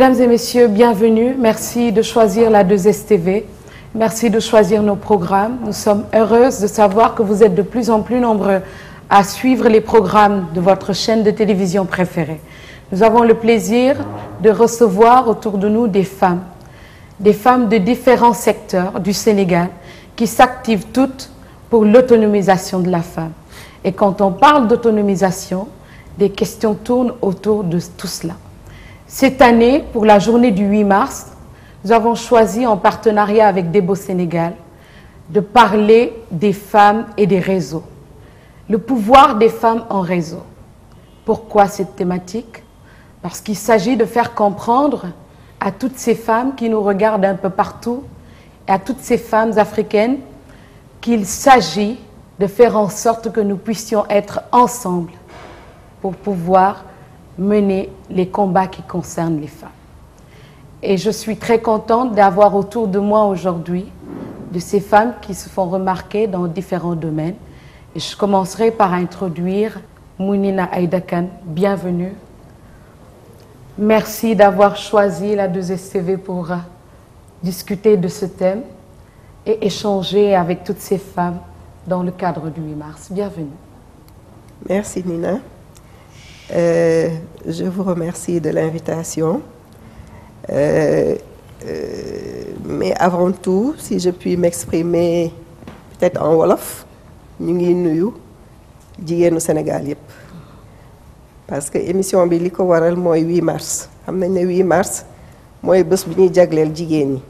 Mesdames et messieurs, bienvenue. Merci de choisir la 2STV. Merci de choisir nos programmes. Nous sommes heureuses de savoir que vous êtes de plus en plus nombreux à suivre les programmes de votre chaîne de télévision préférée. Nous avons le plaisir de recevoir autour de nous des femmes, des femmes de différents secteurs du Sénégal qui s'activent toutes pour l'autonomisation de la femme. Et quand on parle d'autonomisation, des questions tournent autour de tout cela. Cette année, pour la journée du 8 mars, nous avons choisi en partenariat avec Debo Sénégal de parler des femmes et des réseaux. Le pouvoir des femmes en réseau. Pourquoi cette thématique? Parce qu'il s'agit de faire comprendre à toutes ces femmes qui nous regardent un peu partout et à toutes ces femmes africaines qu'il s'agit de faire en sorte que nous puissions être ensemble pour pouvoir mener les combats qui concernent les femmes. Et je suis très contente d'avoir autour de moi aujourd'hui de ces femmes qui se font remarquer dans différents domaines. Et je commencerai par introduire Mounina Aïdakan. Bienvenue. Merci d'avoir choisi la 2STV pour euh, discuter de ce thème et échanger avec toutes ces femmes dans le cadre du mars. Bienvenue. Euh, je vous remercie de l'invitation. Euh, euh, mais avant tout, si je puis m'exprimer peut-être en wolof, ñu ngi nuyu jigéenu Sénégal yëpp. parce que émission bi li ko waral mooy 8 mars xam nañ ne 8 mars mooy bés bu ñuy jagleel jigéen ñi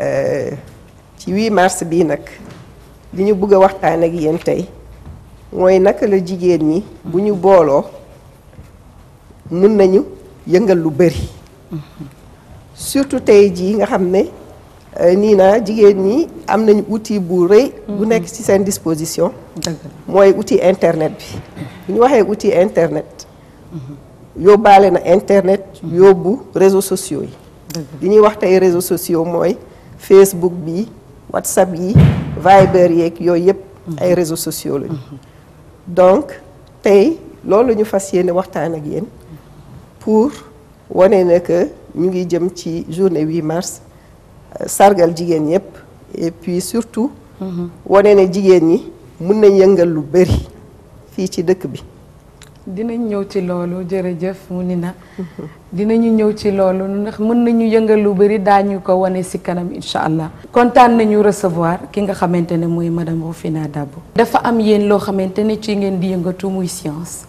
euh, ci huit mars bii nag li ñu bëgg a waxtaan ak yéen tey. mooy naka la jigéen ñi bu ñu booloo mën nañu yëngal lu bëri surtout tey jii nga xam ne euh, nii naa jigéen ñi am nañu uti bu rëy bu nekk ci seen disposition mooy outil internet bi bu ñu waxee outil internet yóbbaale na internet yóbbu réseau sociaux yi li ñuy wax tey réseau sociaux mooy Facebook bi WhatsApp yi Viber yeeg yooyu yëpp mm-hmm. ay réseaux sociaux lañu mm-hmm. donc tey loolu ñu fas yéene waxtaan ak yéen pour wane ne que ñu ngi jëm ci journée 8 mars euh, sargal jigéen ñëpp et puis surtout mm-hmm. wane ne jigéen ñi mun nañ yëngal lu bëri fii ci dëkk bi dinañ ñëw ci loolu jërëjëf mu ni na dinañu ñëw ci loolu ndax mën nañu yëngal lu bëri daañu ko wane si kanam incha allah kontaan nañu recevoir ki nga xamante ne mooy madame Rufina Dabo dafa am yéen loo xamante ne ci ngeen di yëngatu muy science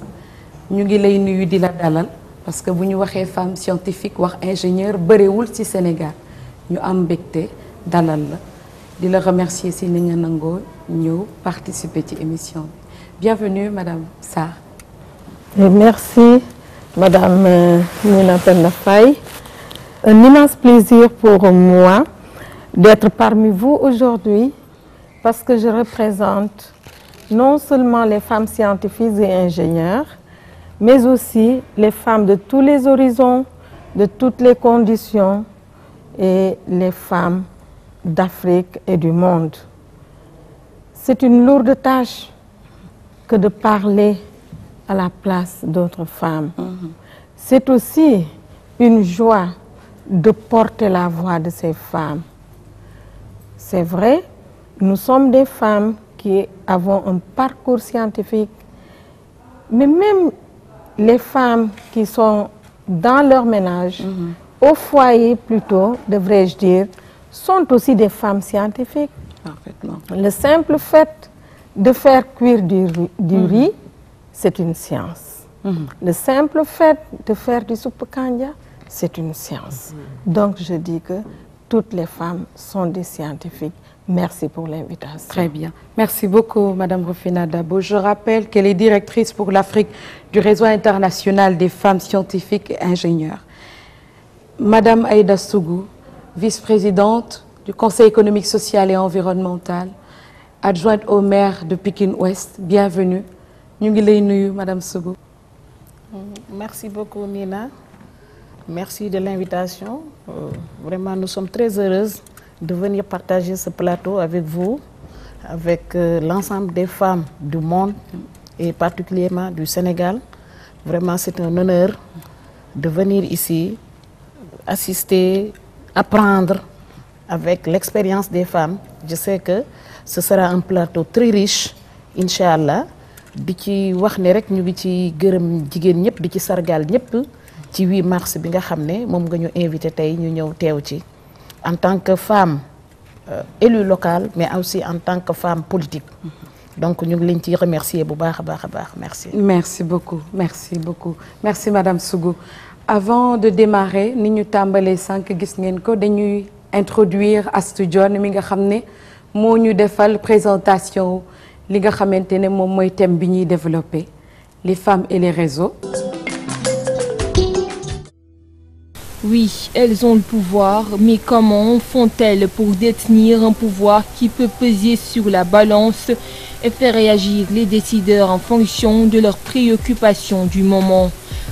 ñu ngi lay nuyu di la dalal parce que bu ñu waxee femme scientifique wax ingénieur bëriwul ci Sénégal ñu am mbégte dalal la di la remercier si ni nga nangoo ñëw participer ci émission bi bienvenue madame Sarr merci, Madame euh, Nina Pendafay. Un immense plaisir pour moi d'être parmi vous aujourd'hui parce que je représente non seulement les femmes scientifiques et ingénieurs, mais aussi les femmes de tous les horizons, de toutes les conditions et les femmes d'Afrique et du monde. C'est une lourde tâche que de parler à la place d'autres femmes. Mm -hmm. C'est aussi une joie de porter la voix de ces femmes. C'est vrai, nous sommes des femmes qui avons un parcours scientifique, mais même les femmes qui sont dans leur ménage, mm -hmm. au foyer plutôt, devrais-je dire, sont aussi des femmes scientifiques. Parfaitement. Le simple fait de faire cuire du, du mm -hmm. riz c'est une science. Mm -hmm. Le simple fait de faire du soupe kanja, c'est une science. Mm-hmm. Donc je dis que toutes les femmes sont des scientifiques. Merci pour l'invitation. Très bien. Merci beaucoup, Madame Rufina Dabo. Je rappelle qu'elle est directrice pour l'Afrique du réseau international des femmes scientifiques et ingénieures. Madame Aïda Sougou, vice-présidente du Conseil économique, social et environnemental, adjointe au maire de Pékin-Ouest, bienvenue ñu ngi lay nuyu madame Sougou. Mm, merci Nina merci de l'invitation euh, vraiment nous sommes très heureuses de venir partager ce plateau avec vous avec euh, l'ensemble des femmes du monde et particulièrement du Sénégal vraiment c'est un honneur de venir ici assister apprendre avec l'expérience des femmes je sais que ce sera un plateau très riche allah di ci wax ne rek ñu ngi ci gërëm jigéen ñëpp di ci sargaal ñëpp ci 8 mars bi nga xam ne moom nga ñu invité tey ñu ñëw teew ci en tant que femme euh, élue local mais aussi en tant que femme politique donc ñu ngi leen ci remercier bu baax a baax a baax merci. merci beaucoup merci beaucoup merci madame Sougou avant de démarrer ni ñu tàmbalee sànq gis ngeen ko dañuy introduire Astou Dione mi nga xam ne moo ñu defal présentation. li nga xamante ne moom mooy thème bi ñuy développé les femmes et les réseaux. Oui, elles ont le pouvoir, mais comment font-elles pour détenir un pouvoir qui peut peser sur la balance et faire réagir les décideurs en fonction de leurs préoccupations du moment?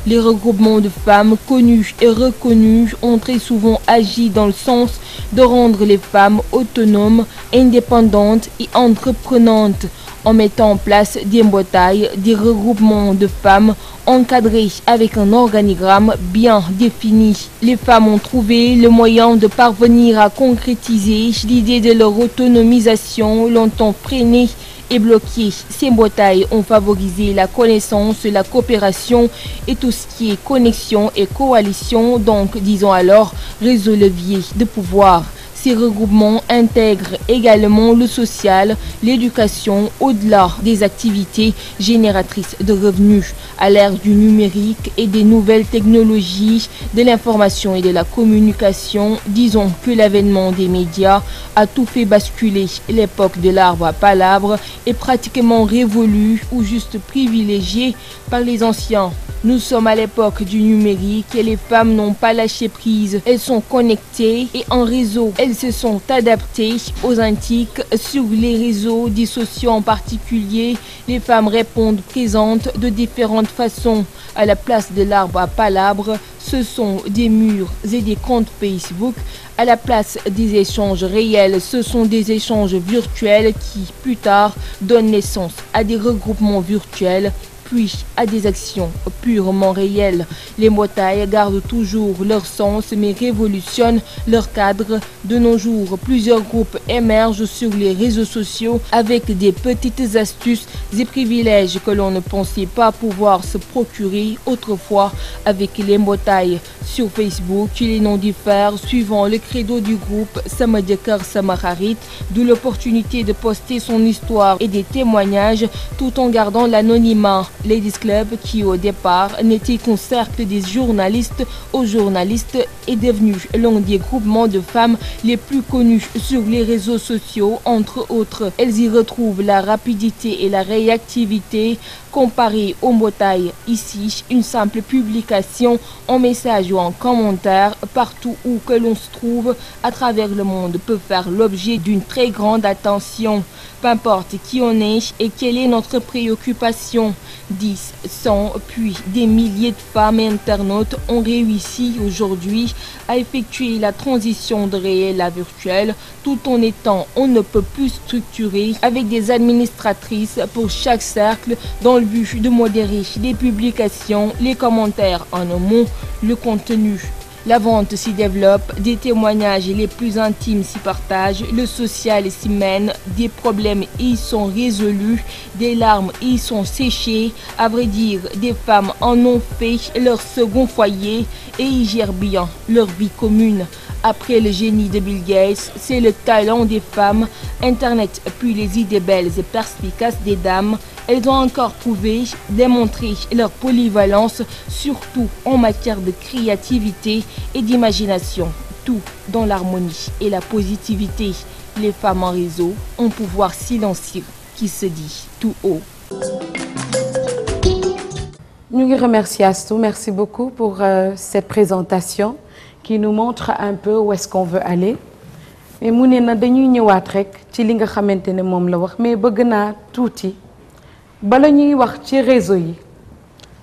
Les regroupements de femmes connus et reconnus ont très souvent agi dans le sens de rendre les femmes autonomes, indépendantes et entreprenantes. en mettant en place des embouteillages, des regroupements de femmes encadrés avec un organigramme bien défini. Les femmes ont trouvé le moyen de parvenir à concrétiser l'idée de leur autonomisation longtemps freinée et bloquée. Ces embouteillages ont favorisé la connaissance, la coopération et tout ce qui est connexion et coalition, donc disons alors réseau levier de pouvoir. ces regroupements intègrent également le social, l'éducation, au-delà des activités génératrices de revenus. À l'ère du numérique et des nouvelles technologies, de l'information et de la communication, disons que l'avènement des médias a tout fait basculer. L'époque de l'arbre à palabres est pratiquement révolue ou juste privilégiée par les anciens. Nous sommes à l'époque du numérique et les femmes n'ont pas lâché prise. Elles sont connectées et en réseau. Elles se sont adaptées aux antiques sur les réseaux dits sociaux en particulier. Les femmes répondent présentes de différentes façons. À la place de l'arbre à palabres, ce sont des murs et des comptes Facebook. À la place des échanges réels, ce sont des échanges virtuels qui, plus tard, donnent naissance à des regroupements virtuels appui à des actions purement réelles. Les motailles gardent toujours leur sens mais révolutionnent leur cadre. De nos jours, plusieurs groupes émergent sur les réseaux sociaux avec des petites astuces et privilèges que l'on ne pensait pas pouvoir se procurer autrefois avec les motailles. Sur Facebook, les noms diffèrent suivant le credo du groupe Sama Jëkkër Sama l'opportunité de poster son histoire et des témoignages tout en gardant l'anonymat. Ladies Club, qui au départ n'était qu'un cercle des journalistes aux journalistes, est devenu l'un des groupements de femmes les plus connus sur les réseaux sociaux, entre autres. Elles y retrouvent la rapidité et la réactivité comparée au motail. Ici, une simple publication en message ou en commentaire, partout où que l'on se trouve à travers le monde, peut faire l'objet d'une très grande attention. Peu importe qui on est et quelle est notre préoccupation. 10, 100, puis des milliers de femmes internautes ont réussi aujourd'hui à effectuer la transition de réel à virtuel tout en étant on ne peut plus structuré avec des administratrices pour chaque cercle dans le but de modérer les publications, les commentaires en amont, le contenu La vente s'y développe, des témoignages les plus intimes s'y partagent, le social s'y mène, des problèmes y sont résolus, des larmes y sont séchées. À vrai dire, des femmes en ont fait leur second foyer et y gèrent bien leur vie commune. Après le génie de Bill Gates, c'est le talent des femmes, Internet puis les idées belles et perspicaces des dames Elles ont encore prouvé, démontré leur polyvalence, surtout en matière de créativité et d'imagination. Tout dans l'harmonie et la positivité. Les femmes en réseau ont pouvoir silencieux qui se dit tout haut. Nous vous remercions Astou, merci beaucoup pour euh, cette présentation qui nous montre un peu mais mu ne na dañuy ñëwaat rekk ci li nga xamante ne moom la wax mais bëgg naa tuuti bala ñuy wax ci réseau yi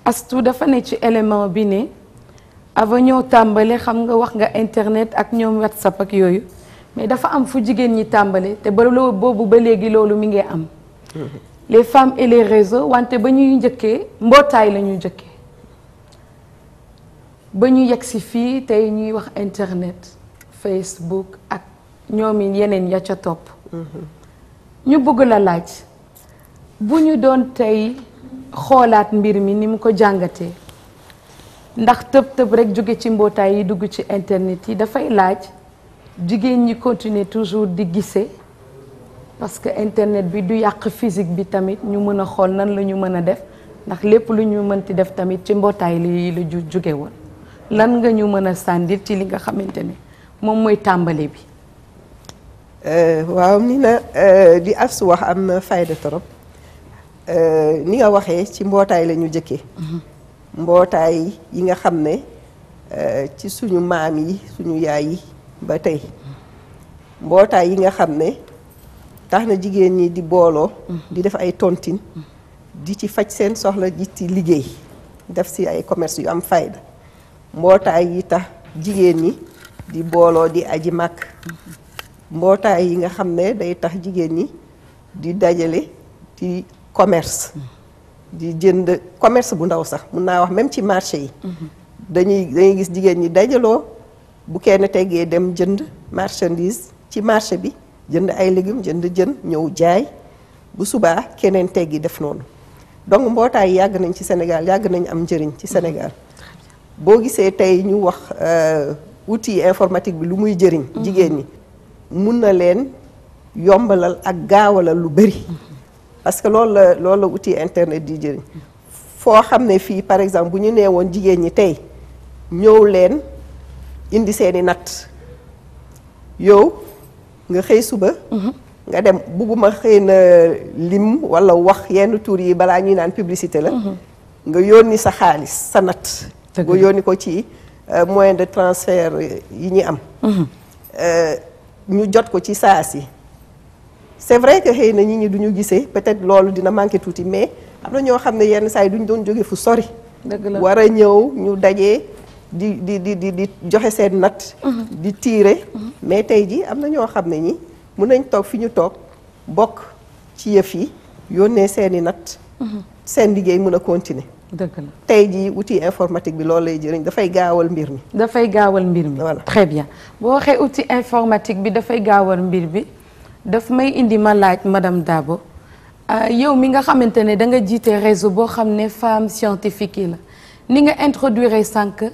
astu dafa ne ci élément bi ne avant ñoo tàmbale xam nga wax nga internet ak ñoom whatsapp ak yooyu mais dafa am fu jigéen ñi tàmbale te ba boobu ba léegi loolu mi ngi am les femmes et les wante ba ñuy njëkkee mbootaay la ñuy njëkkee ba ñu yegg si fii tey ñuy wax internet Facebook ak ñoom yeneen ya ca topp mm-hmm. ñu bëgg la laaj bu ñu doon tey xoolaat mbir mi ni mu ko jàngatee ndax tëb tëb rek jóge ci mbootaay yi dugg ci internet yi dafay laaj jigéen ñi continuer toujours di gisee parce que internet bi du yàq physique bi tamit ñu mën a xool nan la ñu mën a def ndax lépp lu ñu mën ti def tamit ci mbootaay li la ju jóge woon lan nga ñu mën a sàndil ci li nga xamante ne moom mooy tàmbali bi euh, waaw mi na euh, di as wax am na fayda torop Euh, ni nga waxee ci mbootaay la ñu jëkkee mm-hmm. mbootaay yi nga xam ne euh, ci suñu maam yi suñu yaay yi ba tey mm-hmm. mbootaay yi nga xam ne tax na jigéen ñi di booloo mm-hmm. di def ay tontin di ci faj seen soxla di ci liggéey def si ay commerce yu am fayda mbootaay yi tax jigéen ñi di booloo di aji màkk mbootaay yi nga xam ne day tax jigéen ñi di dajale ci commerce di jënd commerce bu ndaw sax mun naa wax même ci marché yi dañuy dañuy gis jigéen ñi dajaloo bu kenn tegee dem jënd marchandise ci marché bi jënd ay légumes jënd jën ñëw jaay bu subaa keneen teggi def noonu donc mbootaay yàgg nañ ci Sénégal yàgg nañu am njëriñ ci Sénégal boo gisee tey ñu wax wuti euh, informatique bi lu muy jëriñ jigéen ñi mun na leen yombalal ak gaawalal lu bëri parce que loolu la loolu la wuti internet di jëriñ foo xam ne fii par exemple bu ñu nee woon jigéen ñi tey ñëw leen indi seeni nat yow nga xëy suba. Mhm. nga dem bugguma xëy na lim walla wax yenn tur yi balaa ñuy naan publicité la. Mhm. nga yónni sa xaalis sa natt. nga yónni ko ci euh, moyen de transfert yi ñu am. Mhm. Euh, ñu jot ko ci saa si. c'est vrai que xëy nañ nit ñi duñu ñu gisee peut-être loolu dina manqué tuuti mais am na ñoo xam ne yenn saa yi duñ doon jóge fu sori. dëgg la war a ñëw ñu daje di di di di di joxe seen nat. Mhm. di tiire. Mhm. mais tey jii am na ñoo xam ne ñi mun nañ toog fi ñu toog bokk ci yëf yi yónnee seen i nat. Mhm. seen liggéey mun a continuer. dëgg la tey jii outil informatique bi loolu lay jëriñ dafay gaawal mbir mi. dafay gaawal mbir mi. voilà très bien boo waxee outil informatique bi dafay gaawal mbir bi. dafa may indi ma laaj madame Dabo euh, yow mi nga xamante ne da nga jiite réseau boo xam ne femme scientifique yi la ni nga introduire sànq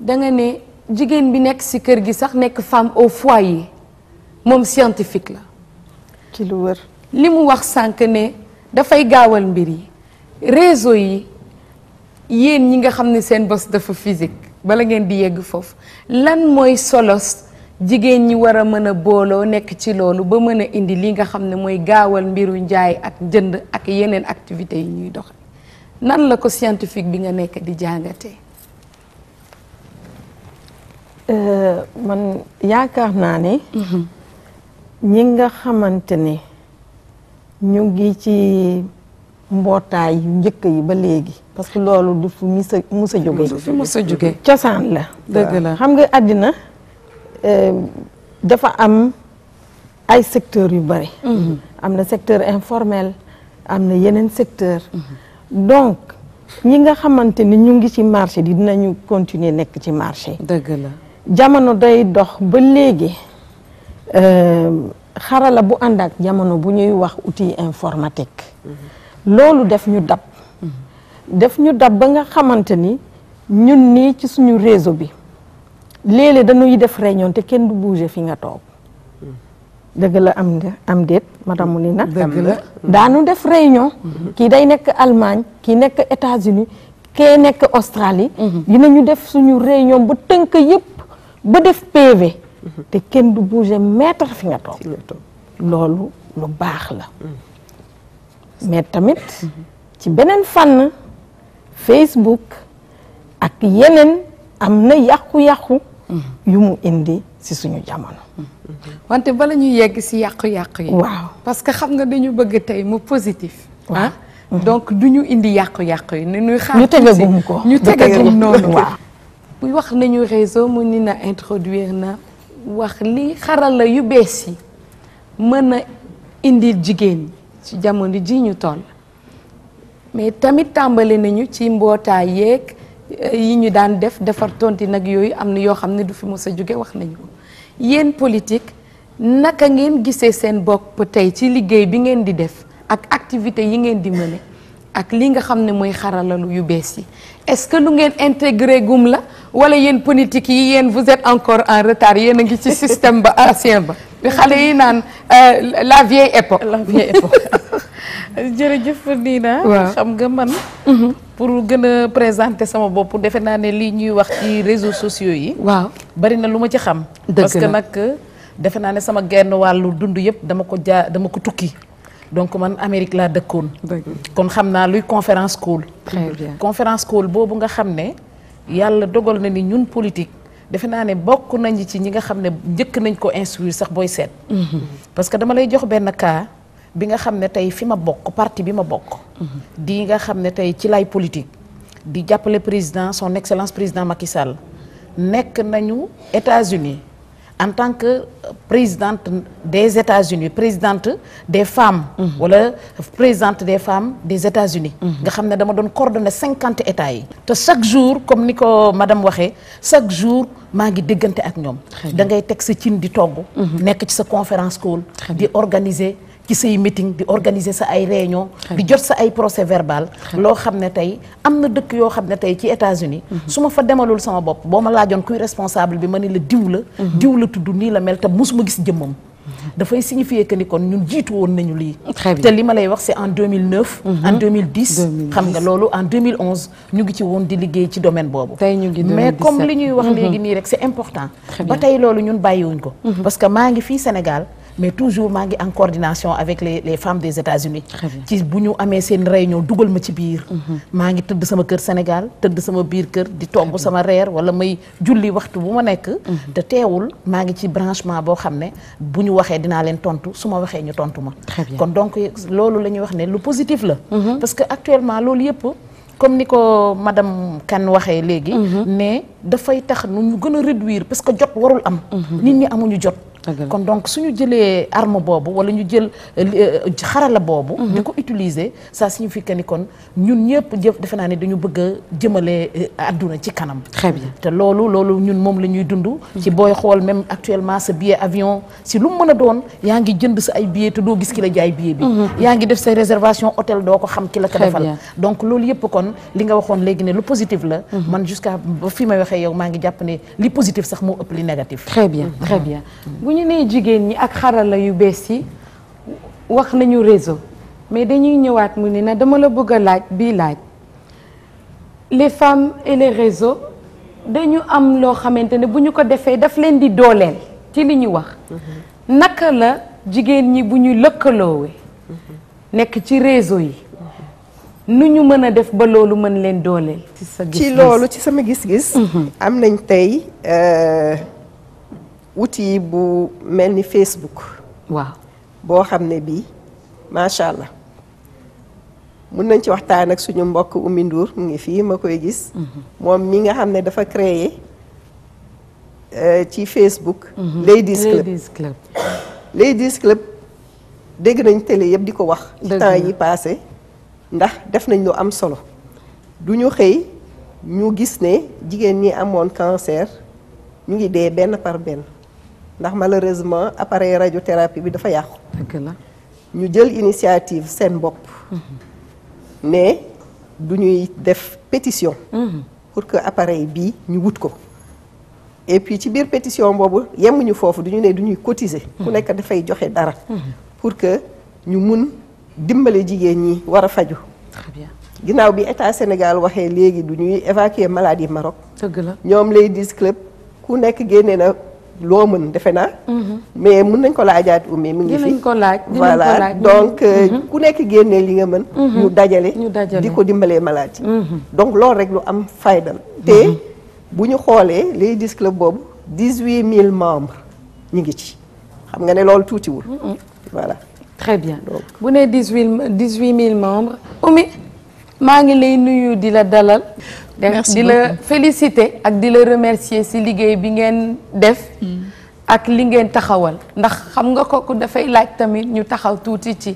da nga ne jigéen bi nekk ci kër gi sax nekk femme au fois yi moom scientifique la. ci lu wër li mu wax sànq ne dafay gaawal mbir yi réseau yi yéen ñi nga xam ne seen bos dafa physique bala ngeen bi yegg foofu lan mooy solos. jigéen ñi war a mën a booloo nekk ci loolu ba mën a indi lii nga xam ne mooy gaawal mbiru njaay ak jënd ak yeneen activité yu ñuy dox nan la ko scientifique bi nga nekk di jàngatee. Euh, man yaakaar naa ne. Mhm. ñi nga xamante ne ñu ngi ci mbootaay yu njëkk yi ba léegi. parce que loolu du fu mus a jóge. cosaan la. dëgg la xam nga àddina. Euh, dafa am ay secteurs yu bëri. Mm-hmm. am na secteur informel am na yeneen secteur mm-hmm. donc ñi nga xamante ni ñu ngi ci marché di dinañu continuer nekk ci marché. dëgg la jamono day dox ba léegi euh, xarala bu ànd ak jamono bu ñuy wax uti informatique. Mm-hmm. loolu def ñu dab. def ñu dab ba nga xamante ni ñun nii ci suñu réseau bi. léeg-léeg dañuy def réunion te kenn du bouger fi nga toog dëgg am am déet madame mu ni na la daanu def réunion mhm. kii day nekk Allemagne kii nekk États-Unis kee nekk Australie mhm. dinañu def suñu réunion ba tënk yëpp ba def PV mhm. te kenn du bouger mètre fi nga toog loolu lu baax la mais tamit ci beneen fànn Facebook ak yeneen am na yàqu-yàqu mm-hmm. yu mu indi si suñu jamono mm-hmm. wante bala ñu yegg si yàqu-yàqu yi waaw parce que xam nga dañu bëgg tey mu positif ah mm-hmm. donc du ñu indi yàqu-yàqu yi ni ñuy xaar ñu tegagum ko ñu tegagum noonu waaw wax nañu réseau mu ni na introduire na wax li xarala yu bees yi mën a indil jigéen ñi ci jamono ji ñu toll mais tamit tàmbali nañu ci mbootaay yeeg yi ñu daan def defar tonti nag yooyu am na yoo xam ne du fi mos sa jóge wax nañu ko yéen politique naka ngeen gisee seen bopp tey ci liggéey bi ngeen di def ak activité yi ngeen di mëne ak li nga xam ne mooy xaralalu yu bees yi est-ce que lu ngeen intégré gum la wala yéen politique yi yéen vous êtes encore en retard yéen a ngi ci système ba ancien ba xale yi naan euh, la vieille époque la vieille époque jërëjëf Nina xam nga man mhm. pour gën a présenter sama bopp defe naa ne lii ñuy wax ci réseaux sociaux yi. waaw bari na lu ma ci xam. parce que nag defe naa ne sama genn wàllu dund yëpp dama ko jaa dama ko tukki. donc man Amérique laa dëkkoon. kon xam naa luy conférence call. très bien conférence call boobu nga xam ne yàlla dogal na ni ñun politique. defe naa ne bokk nañ ci ñi nga xam ne njëkk nañ ko instruire sax booy seet. Mhm. parce dama lay jox benn cas. bi nga xam ne tey fi ma bokk partie bi ma bokk. di nga xam ne tey ci lay politique. di jàppale président son excellence président Macky Sall nekk nañu États-Unis en tant que présidente des États-Unis présidente des femmes. Mhm. wala présidente des femmes des États-Unis. Mhm. nga xam ne dama doon coordonner cinquante états yi. te chaque jour comme ni ko madame waxee chaque jour maa ngi déggante ak ñoom. da ngay teg sa cin di togg. Mhm. nekk ci sa conférence call. di organiser. ci say meeting di organiser sa ay réunion di jot sa ay procès verbal loo xam ne tey am na dëkk yoo xam ne tey ci États-Unis mhm. su ma fa demalul sama bopp boo ma laajoon kuy responsable bi ma ni la diw la mhm. diw la tudd nii la mel te mosuma gis jëmmam mhm. dafay signifier ni kon ñun jiitu woon nañu lii te li ma lay wax c'est en 2009 mm -hmm. en 2010 xam nga loolu en 2011 ñu ngi ci woon di liggéey ci domaine boobu mais comme li ñuy wax léegi nii rek c'est important ba tey loolu ñun bàyyiwuñ ko parce maa ngi fii Sénégal mais toujours maa ngi en coordination avec les les femmes des États-Unis ci bu ñu amee seen réunion dugal ma ci biir mhm. maa ngi tëdd sama kër Sénégal tëdd sama biir kër di togg sama reer wala may julli waxtu bu ma nekk mhm. te teewul maa ngi ci branchement boo xam ne bu ñu waxee dinaa leen tontu su ma waxee ñu tontu ma kon donc loolu la ñuy wax ne lu positif la mhm. parce que actuellement loolu yëpp comme ni ko ma madame Kane waxee léegi ne dafay tax nu ñu gën a réduire parce que jot warul am nit ñi amuñu jot kon donc ñu jëlee arme boobu wala ñu jël euh, xarala boobu mhm. di ko utiliser ça signifie que ni kon ñun ñëpp jëf defe naa ne dañu bëgg a jëmale adduna euh, ci kanam très bien te loolu loolu ñun moom la ñuy dund mhm. ci booy xool même actuellement sa billet avion si lu mu mën a doon yaa ngi jënd sa ay billet te doo gis ki la jaay billet bi mhm. yaa ngi def say réservation hôtel doo ko xam ki la ko defal donc loolu yëpp kon li nga waxoon léegi ne lu positif la man jusqu'à ba fi may waxee yow maa ngi jàpp ne li positif sax moo ëpp li négatif très ñu nee jigéen ñi ak xarala yu bees yi wax nañu réseau mais dañuy ñëwaat mu ne na dama la bëgg a laaj bii laaj les femmes et les réseaux dañu am loo xamante ne bu ñu ko defee daf leen di dooleel ci li ñuy wax naka la jigéen ñi bu ñu lëkkaloowee nekk ci réseau yi nu ñu mën a def ba loolu mën leen dooleel ci loolu ci sama gis-gis mhm. am nañ tey euh, wuti bu mel ni Facebook. waaw boo xam ne bii macha allah mun nañ ci waxtaan ak suñu mbokk Oumy Ndour mu ngi fii ma koy gis. Mhm. moom mi nga xam ne dafa créer euh, ci Facebook. Mhm. Ladies Club dégg nañ télé yëpp di ko wax. ci temps yi passé ndax def nañ lu am solo duñu xëy ñu gis ne jigéen ñi amoon cancer ñu ngi dee benn par benn. ndax malheureusement appareil radiothérapie bi dafa yàqu. dëgg la ñu jël initiative seen bopp. ne du ñuy def pétition. Mhm. pour que appareil bii ñu wut ko. et puis ci biir pétition boobu ñu foofu du ñu ne du ñuy cotiser. ku mhm. nekk dafay joxe dara. Mhm. pour que ñu mun dimbale jigéen ñi war a faju. ginnaaw bi état Sénégal waxee léegi du ñuy évacuer maladie Maroc. dëgg la ñoom lay dis ku nekk génne na. loo mën defe naa. Mhm. mais mun nañ ko laajaat ummi mu ngi fi. dinañ ko laaj voilà mhm. donc euh, mhm. ku nekk génnee li nga mën. ñu dajale di ko dimbalee malade yi. donc loolu rek lu am faydal la. te bu ñu xoolee Ladies la boobu dix huit mille membres ñu ngi ci xam nga ne loolu tuutiwul. voilà très bien bu nee dix huit dix huit mille membres ummi maa ngi lay nuyu di la dalal. di la féliciter ak di la remercier ci liggéey bi ngeen def hmm. ak li ngeen taxawal ndax xam nga kooku dafay laaj tamit ñu taxaw tuuti ci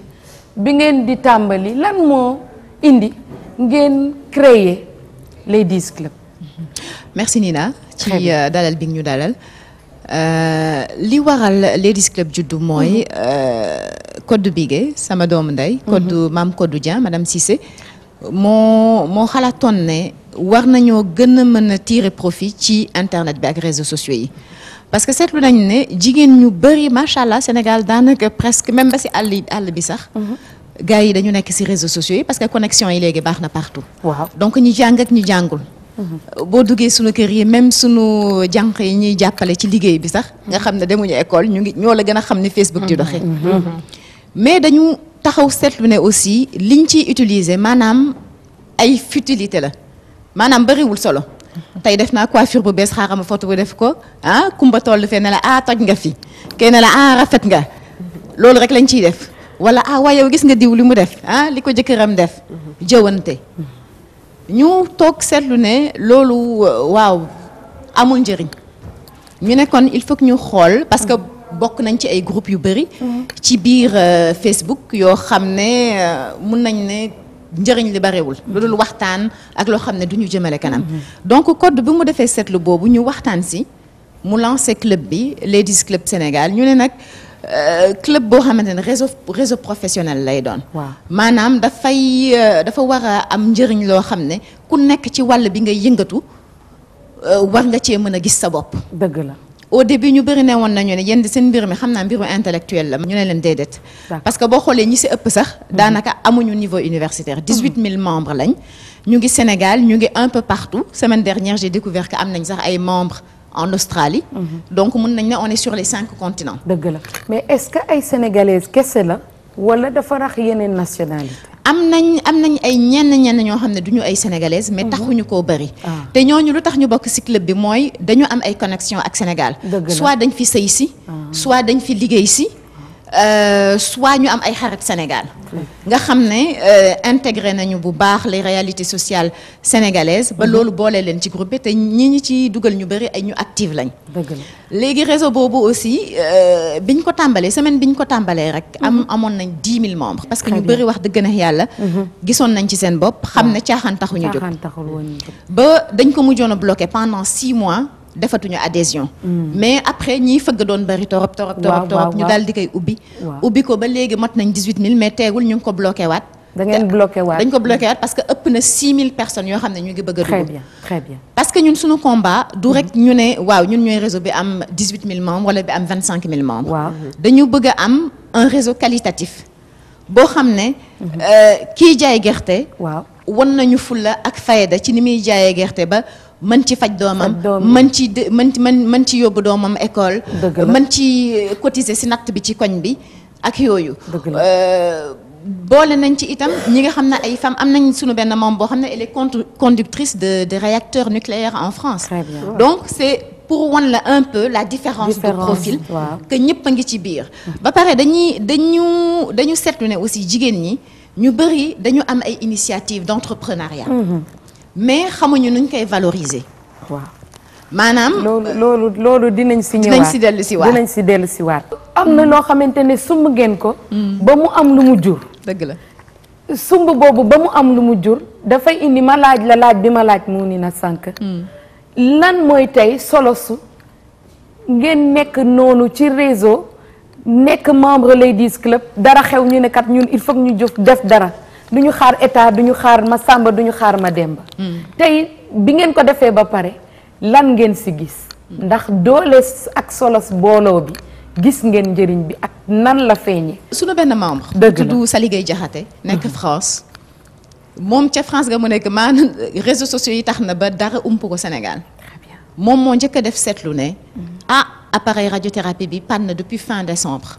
bi ngeen di tàmbali lan moo indi ngeen créer les dix clubs hmm. merci Nina ci euh, dalal bi ñu dalal euh, li waral Ladies Club juddu mooy Koddu hmm. euh, Bigué sama doomu ndey Koddu maam Koddu Dia madame Cissé moo moo xalaatoon ne war nañoo gën a mën a tirer profit ci internet bi ak réseaux sociaux yi parce que seetlu nañ ne jigéen ñu bëri macha allah Sénégal daanaka presque même ba si àll àll bi sax. Mhm. gars yi dañu nekk si réseau sociaux yi parce que connexion yi léegi baax na partout. waaw donc ñi jàng ak ñi jàngul. Mhm. boo duggee sunu kër yi même sunu jànq yi ñuy jàppale ci liggéey bi sax. nga xam ne demuñu école ñu ngi ñoo la gën a xam ni Facebook di doxe mhm. mais dañu taxaw seetlu ne aussi liñ ciy utiliser maanaam ay futilité la maanaam bëriwul solo tey def naa coiffure bu bees xaaral ma foto bu def ko ah kumba toll fee ne la ah toj nga fi kenn la ah rafet nga loolu rek lañ ciy def wala ah waaye yow gis nga diw li mu def ah li ko jëkkëram def jëwante ñu toog seetlu ne loolu waaw amul njëriñ ñu ne kon il faut ñu xool parce bokk nañ ci ay groupes yu bëri. Mhm. ci biir euh, Facebook yoo xam ne euh, mun nañ ne njëriñ li barewul. Mhm. lu dul waxtaan ak loo xam ne du ñu jëmale kanam. Mhm. donc code bi mu defee seetlu boobu ñu waxtaan si mu lancé club bi Ladies Club Sénégal ñu ne nag. Euh, club boo xamante ne réseau réseau professionnel lay doon. waaw maanaam dafay dafa war a am njëriñ loo xam ne ku nekk ci wàll bi ngay yëngatu war nga cee mën a gis sa bopp. dëgg la. au début ñu bëri ne woon nañu ne yéen seen mbir mi xam naa mbiru intellectuel la ñu ne leen déedéet parce que boo xoolee ñi si ëpp sax mhm. daanaka amuñu niveau universitaire mhm. dix-huit mille membres lañ ñu ngi Sénégal ñu ngi un peu partout semaine dernière j'ai découvert que am nañ sax ay membres en Australie mhm. donc mun nañ ne on est sur les cinq continents dëgg la mais est-ce que ay sénégalaises kese la wala dafa rax yeneen nationalité. am nañ am nañ ay ñenn ñenn ñoo xam ne duñu ay sénégalaise mais mhm. taxuñu koo bëri. Ah. te ñoo ñu lu tax ñu bokk ci club bi mooy dañu am ay connexion ak Sénégal. soit dañ fi sëy si. Ah. soit dañ fi liggéey si. Euh, soit ñu am ay xarit Sénégal nga xam ne euh, intégré nañu bu baax les réalité sociale sénégalaises ba mhm. loolu boole leen ci groupe bi te ñi ñi ci dugal ñu bëri ay ñu active lañ léegi réseau boobu aussi euh, bi ñu ko tàmbalee semaine ñu ko tàmbalee rek mhm. am amoon nañ dix mille membres parce que ñu bëri wax dëgg na yàlla mhm. gisoon nañ ci seen bopp xam ah. ne caaxaan taxuñu jóg ba dañ ko mujjoon a bloqué pendant six mois defatuñu adhésion. Mm. mais après ñiy fëgg doon bari torop torop torop torop ñu daal di koy ubbi. ubbi ko ba léegi mat nañ 18000 mais teegul ñu ngi ko bloqué waat. da ngeen bloqué waat dañ parce que ëpp na 6000 personnes yoo xam ne ñu ngi bëgg a. dugg très bien très bien. parce que ñun suñu combat du mm-hmm. rek ñu ne waaw ñun ñooy réseau bi am 18000 membres wala bi am 25000 membres. waaw dañu bëgg am un réseau qualitatif. boo xam ne. Mm-hmm. Euh, kii jaay gerte. waaw wan nañu fulla ak fayda ci ni muy jaaye gerte ba. man ci faj doomam man ci mën man mën ci yóbbu doomam école man ci cotiser si natt bi ci koñ bi ak yooyu euh, boole nañ ci itam ñi nga xam ne ay femmes am nañ sunu benn membre boo xam ne elle est conductrice de de réacteurs nucléaires en France Très bien. donc c'est pour wan la un peu la différence, différence de profil que ñëpp a ngi ci biir ba pare dañuy dañu dañu seetlu ne aussi jigéen ñi ñu bëri dañu am ay initiatives d'entrepreneuriat mm mais xamuñu nuñ koy valoriser. waaw maanaam. loolu loolu dinañ si. ñëwaat dinañ si dellu si waat si dellu waat. am na loo xamante ne sumb ngeen ko. Hmm. ba mu am lu mu jur. dëgg la. sumb boobu ba mu am lu mu jur dafay indi ma laaj la laaj bi ma laaj mu ni na sànq. Hmm. lan mooy tey solo su ngeen nekk noonu ci réseau nekk membre Ladies Club dara xew ñu ne kat ñun il faut ñu jóg def dara. du ñu xaar état duñu xaar ma sàmba duñu xaar ma demba hmm. tey bi ngeen ko defee ba pare lan ngeen si gis hmm. ndax doole ak solos booloo bi gis ngeen njëriñ bi ak nan la feeñee suñu benn membre bu tudd sa Gueye Jaxate nekk hmm. France moom ca France nga mu nekk maanaam réseaux sociaux yi tax na ba dara ump ko Sénégal moom moo njëkk a def seetlu ne ah appareil radiothérapie bi na depuis fin décembre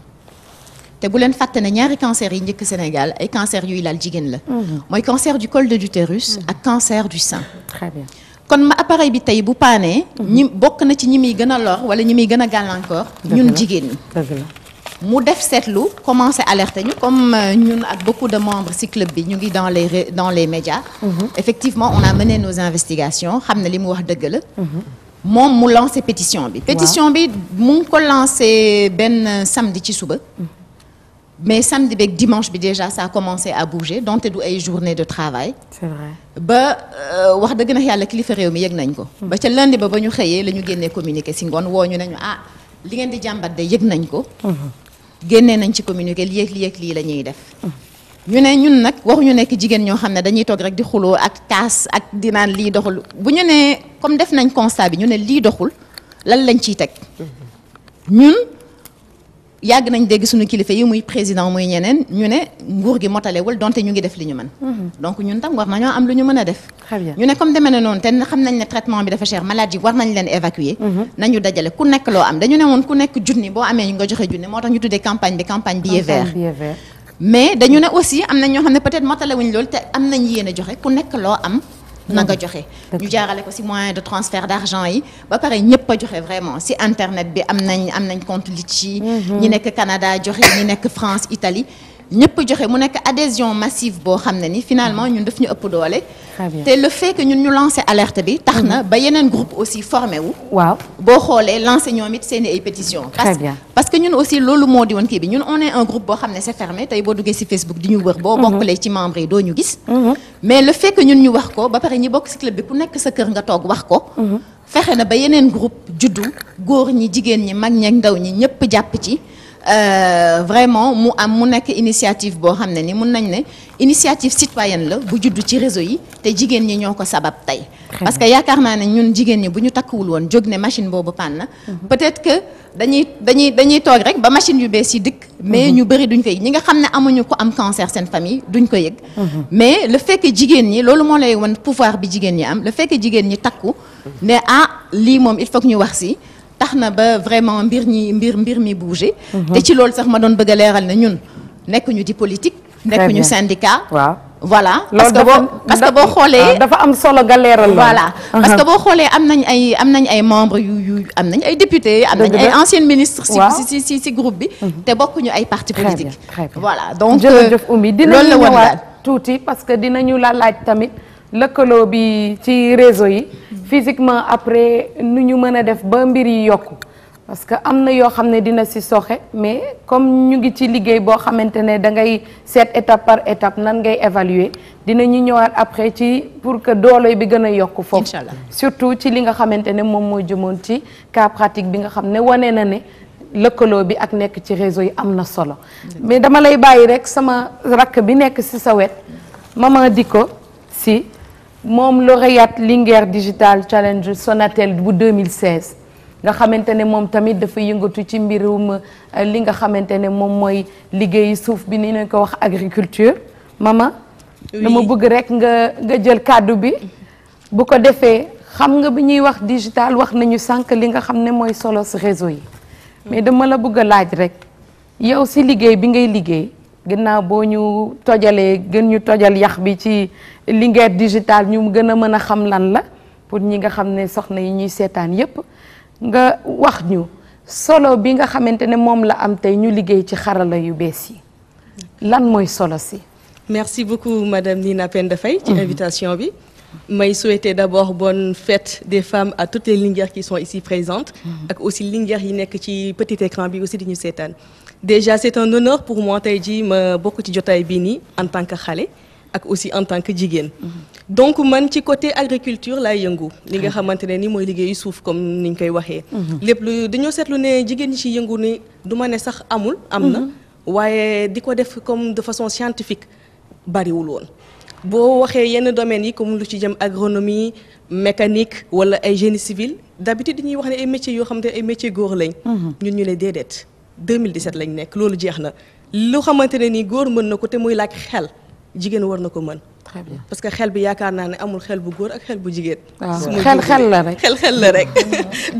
te bu leen fàtte ne ñaari cancer yi njëkk Sénégal ay cancer yuy laal jigéen la. Mhm. mooy cancer du col de l'utérus mhm. ak cancer du sein. kon ma appareil bi tey bu paanee. Mhm. ñi bokk na ci ñi muy gën a lor wala ñi muy gën a gàllankoor. ñun jigéen la mu def seetlu commencé alerte ñu comme euh, ñun ak beaucoup de membres ci club bi ñu ngi dans les dans les médias. effectivement on a mené nos investigations xam na li mu wax dëgg la. moom mu lancé pétition bi. pétition bi mu ngi ko lancé benn euh, samedi ci suba. mais samedi beeg dimanche bi déjà sa a commencé à bouger donte du ay journée de travail. ba euh, wax dëgg na yàlla kilifa réew mi yëg nañ ko. Hmm. ba ca lundi ba ba ñu xëyee la ñu génnee communiqué si ngoon woo ñu nañu ah, li ngeen di jàmbat de yëg nañ ko. Hmm. génnee nañ ci communiqué li yëg lii la def. Hmm. ñu ne ñun nag waxuñu nekk jigéen ñoo xam ne dañuy toog rek di xuloo ak taas ak dinaan lii doxul bu ñu nee comme def nañ constat bi ñu ne lii doxul lan lañ ciy teg ñun. yàgg nañ dégg suñu kilifa yi muy président muy ñeneen ñu ne nguur gi motalewul donte ñu ngi def li ñu mën mhm. donc ñun tam war nañoo am lu ñu mën a def ñu ne comme demee na noonu te xam nañ ne traitement bi dafa cher malade war nañ leen évacuer mhm. nañu dajale ku nekk loo am dañu ne woon ku nekk junni boo amee nga joxe junni moo tax ñu tuddee campagne bi campagne billet vert mais dañu ne aussi am na ñoo xam ne peut-être motalewuñ loolu te am nañ yéen na nga joxe. ñu jaarale ko si moyen de transfert d'argent yi ba pare ñëpp a joxe vraiment si internet bi am nañ am nañ compte Litchi. Mhm. ñi nekk Canada joxe ñi nekk France Italie. ñëpp joxe mu nekk adhésion massive boo xam ne ni finalement ñun daf ñu ëpp doole. te le fait que ñun ñu lancé alerte bi. tax na mm-hmm. ba yeneen groupe aussi formé wu. waaw boo xoolee lancé ñoom it seen i ay pétitions. très bien que ñun aussi loolu moo di woon kii bi ñun on est un groupe boo xam ne c'est fermé tey boo duggee ci Facebook di ñu wër. boo mm-hmm. bokkulee ci membre yi doo ñu gis. Mm-hmm. mais le fait que ñun ñu wax ko ba pare ñi bokk ci club bi ku nekk sa kër nga toog wax ko. fexe ba yeneen groupe juddu góor ñi jigéen ñi mag ñi ak ñi ñëpp jàpp ci. Euh, vraiment mu am mu nekk initiative boo xam ne ni mun nañ ne initiative citoyenne la bu judd ci réseau yi te jigéen ñi ñoo ko sabab tey parce que yaakaar naa ne ñun jigéen ñi bu ñu takkuwul woon jóg ne machine boobu panne na mhm. peut-être que dañuy dañuy dañuy toog rek ba machine yu bees yi dikk mais mhm. ñu bëri duñ ko yëg ñi nga xam ne amuñu ko am cancer seen famille duñ ko yëg mhm. mais la fait jigéen ñi loolu moo lay won pouvoir bi jigéen ñi am la fait jigéen ñi takku ne ah lii moom il faut ñu wax si tax na ba vraiment mbir ñi mbir mbir mi bougé mhm. te ci loolu sax ma doon bëgg a leeral ne ñun nekk ñu di politique nekk ñu syndicat waaw voilà parce que boo parce que boo xoolee dafa am solo nga leeral voilà mhm. parce que boo xoolee am nañ ay am yu yu am nañ ay députés am nañ ay anciens ministres si si si si groupe bi mhm. te bokkuñu ay parti politique voilà donc jërëjëf euh, Oumy dinañu tuuti parce que dinañu la laaj tamit lëkkaloo bi ci réseau yi physiquement après nu ñu mën a def ba mbir yi yokk parce que am na yoo xam ne dina si soxe mais comme ñu ngi ci liggéey boo xamante ne da ngay seet étape par étape nan ngay évaluer dina ñu ñëwaat après ci pour que doole bi gën a yokk foofu inchallah surtout ci li nga xamante ne moom moo jëmoon ci cas pratique bi nga xam ne wane na ne lëkkaloo bi ak nekk ci réseau yi am na solo mais dama lay bàyyi rek sama rakk bi nekk si sa wet maman moom lauréate Linguère Digital Challenge Sonatel bu 2016 nga xamante ne moom tamit dafa yëngatu ci mbirum euh, li nga xamante ne moom mooy liggéeyu suuf bi ni nañ ko wax agriculture mama dama bëgg rek nga nga jël kàddu bi bu ko defee xam nga bi ñuy wax digital wax nañu sànq li nga xam ne mooy solos réseau yi mais dama la bëgg a laaj rek yow si liggéey bi ngay liggéey ginnaaw boo ñu tojalee gën ñu tojal yax bi ci Linguère Digital ñu gën a mën a xam lan la pour ñi nga xam ne soxna yi ñuy seetaan yépp nga wax ñu solo bi nga xamante ne moom la am tey ñu liggéey ci xarala yu bees yi lan mooy solo si merci beaucoup madame Nina Penda Faye ci mhm. invitation bi may souhaiter d'abord bon fête des femmes à toutes les Linguères qui sont ici présentes. Mhm. ak aussi Linguères yi nekk ci petit écran bi aussi di ñu seetaan. déjà c'est un honneur pour moi tey jii ma bokk ci jotaay bii nii en tant que xale. ak aussi en tant que jigéen. Mhm. donc man ci côté agriculture laay yëngu. li nga xamante ne ni mooy liggéeyu suuf comme ni ñu koy waxee. Mhm. lépp lu dañoo seetlu ne jigéen ñi ci yëngu ni du ma ne sax amul. am na waaye di ko def comme de façon scientifique bariwul woon. boo waxee yenn domaines yi comme lu ci jëm agronomie mécanique wala ay génie civil d'habitude ñuy wax ne ay métiers yoo xam ne ay métiers góor lañ. Mhm. ñun ñu ne déedéet 2017 lañ nekk loolu jeex na. lu xamante ne ni góor mën na ko te muy laaj xel. jigéen war na ko mën. très parce que xel bi yaakaar naa ne amul xel bu góor ak xel bu jigéen. xel xel la rek xel la rek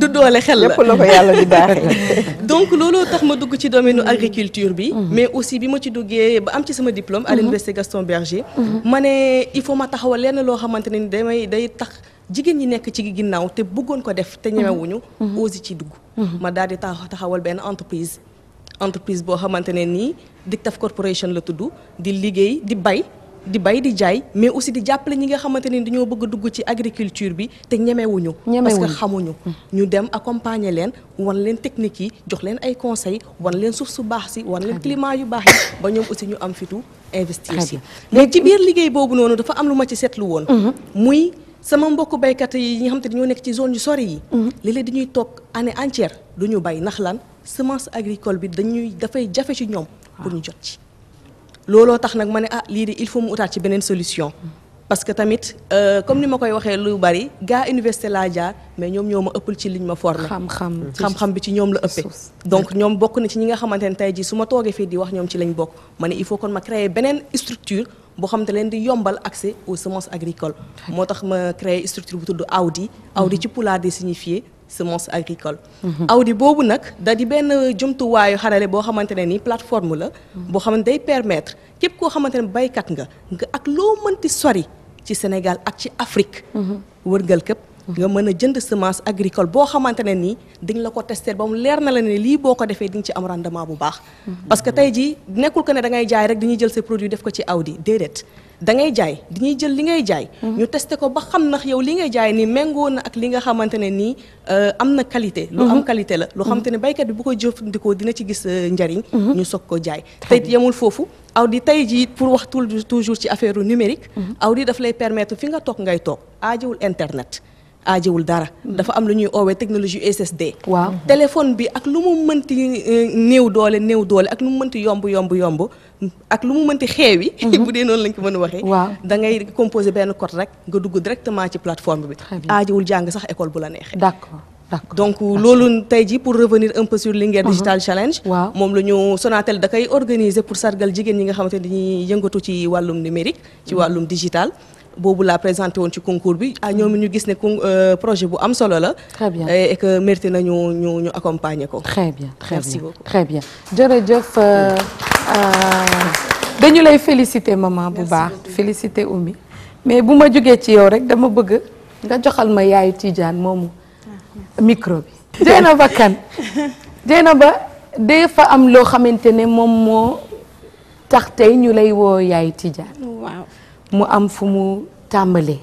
du doole xel la. lépp yàlla di baaxee. donc looloo tax ma dugg ci domaine agriculture bi. Mhm. mais aussi bi ma ci duggee ba am ci sama diplôme. à mhm. l'université Gaston Berger. Mhm. ma ne il faut ma taxawal lenn loo xamante ne damay day tax. jigéen ñi nekk ci ginnaaw te bëggoon ko def te ñemewuñu. osi ci dugg. ma daal di taxawal benn entreprise. entreprise boo xamante ne nii Dictaf Corporation la tudd di liggéey di bay di bay di jaay mais aussi di jàppale ñi nga xamante ne dañoo bëgg a dugg ci agriculture bi te ñemewuñu parce que xamuñu mm-hmm. ñu dem accompagner leen wan leen technique yi jox leen ay conseil wan leen suuf su baax si wan leen climat yu baax yi ba ñoom aussi ñu am fitu investir si mais ci biir liggéey boobu noonu dafa am lu ma ci seetlu woon mm-hmm. muy sama mbokku baykat yi ñi xam te dañoo nekk ci zone yu sori yi. Mhm. léeg-léeg dañuy toog année entière du ñu bay nax lan semence agricole bi dañuy dafay jafe ci ñoom. Ah. pour ñu jot ci. looloo tax nag ma ne ah lii de il faut mu utaat ci beneen solution. Mhm. parce que tamit euh, comme ni ma koy waxee lu bari gas université laa jaar mais ñoom ñoo ma ëppal ci liñ ma formé. xam-xam xam-xam bi ci ñoom la ëppee. donc ñoom bokk na ci ñi nga xamante ne tey jii su ma toogee fii di wax ñoom ci lañ bokk ma ne il faut kon ma créer beneen structure. boo xamante leen di yombal accès aux semence agricole moo tax ma créé structure bu tudd Awdi Awdi mhm. ci pulaar di signifier semence agricole mhm. Awdi boobu nag da di benn jumtuwaayu xarale boo xamante ne ni plateforme la mhm. boo xamante day permettre képp koo xamante ne baykat nga nga ak loo mënti sori ci Sénégal ak ci Afrique wërngal képp nga mën a jënd semence agricole boo xamante ne nii dañ la ko tester ba mu leer na la ne lii boo ko defee di nga ci am rendement bu baax. parce que tey jii nekkul que ne dangay ngay jaay rek dañuy jël sa produit def ko ci aw di déedéet. da ngay jaay dañuy jël li ngay jaay. ñu testé ko ba xam ndax yow li ngay jaay nii méngoo na ak li nga xamante ne nii euh, am na qualité. lu am qualité la. lu xam te ne baykat bi bu koy jëfandikoo dina ci gis euh, njariñ. ñu soog ko jaay tey yemul foofu. Awdi tey jii pour wax toujours ci affaire numérique. Mhm. Awdi daf lay permettre fi nga toog ngay toog internet. aajewul dara. dafa am lu ñuy oowee technologie SSD. waaw téléphone bi ak lu mu mënti euh, néew doole néew doole ak lu mu mënti yomb yomb yomb ak lu mu mënti xeewi. Mhm. bu dee noonu lañ ko mën a waxee. waaw da ngay composé benn code rek nga dugg directement ci plateforme bi. aajewul jàng sax école bu la neexee. d'accord. donc loolu tey jii pour revenir un peu sur Linguère mhm. Digital Challenge moom la ñu Sonatel da koy organiser pour sargal jigéen ñi nga xamante ni dañuy yëngatu ci wàllum numérique ci mhm. wàllum digital boobu laa présenté woon ci concours bi ah ñoom ñu gis ne euh, projet bu am solo la. très bien et que mérité na ñu ñu ñu accompagner ko. très bien très merci bien. beaucoup très bien jërëjëf. Euh, euh, dañu lay féliciter maman bu baax féliciter Oumy mais bu ma jógee ci yow rek dama bëgg nga joxal ma yaayu Tidiane moomu micro bi. Dieynaba Kane Dieynaba dafa am loo xamante ne moom moo tax tey ñu lay woo yaayu Tidiane. waaw mu am fu mu tàmbalee.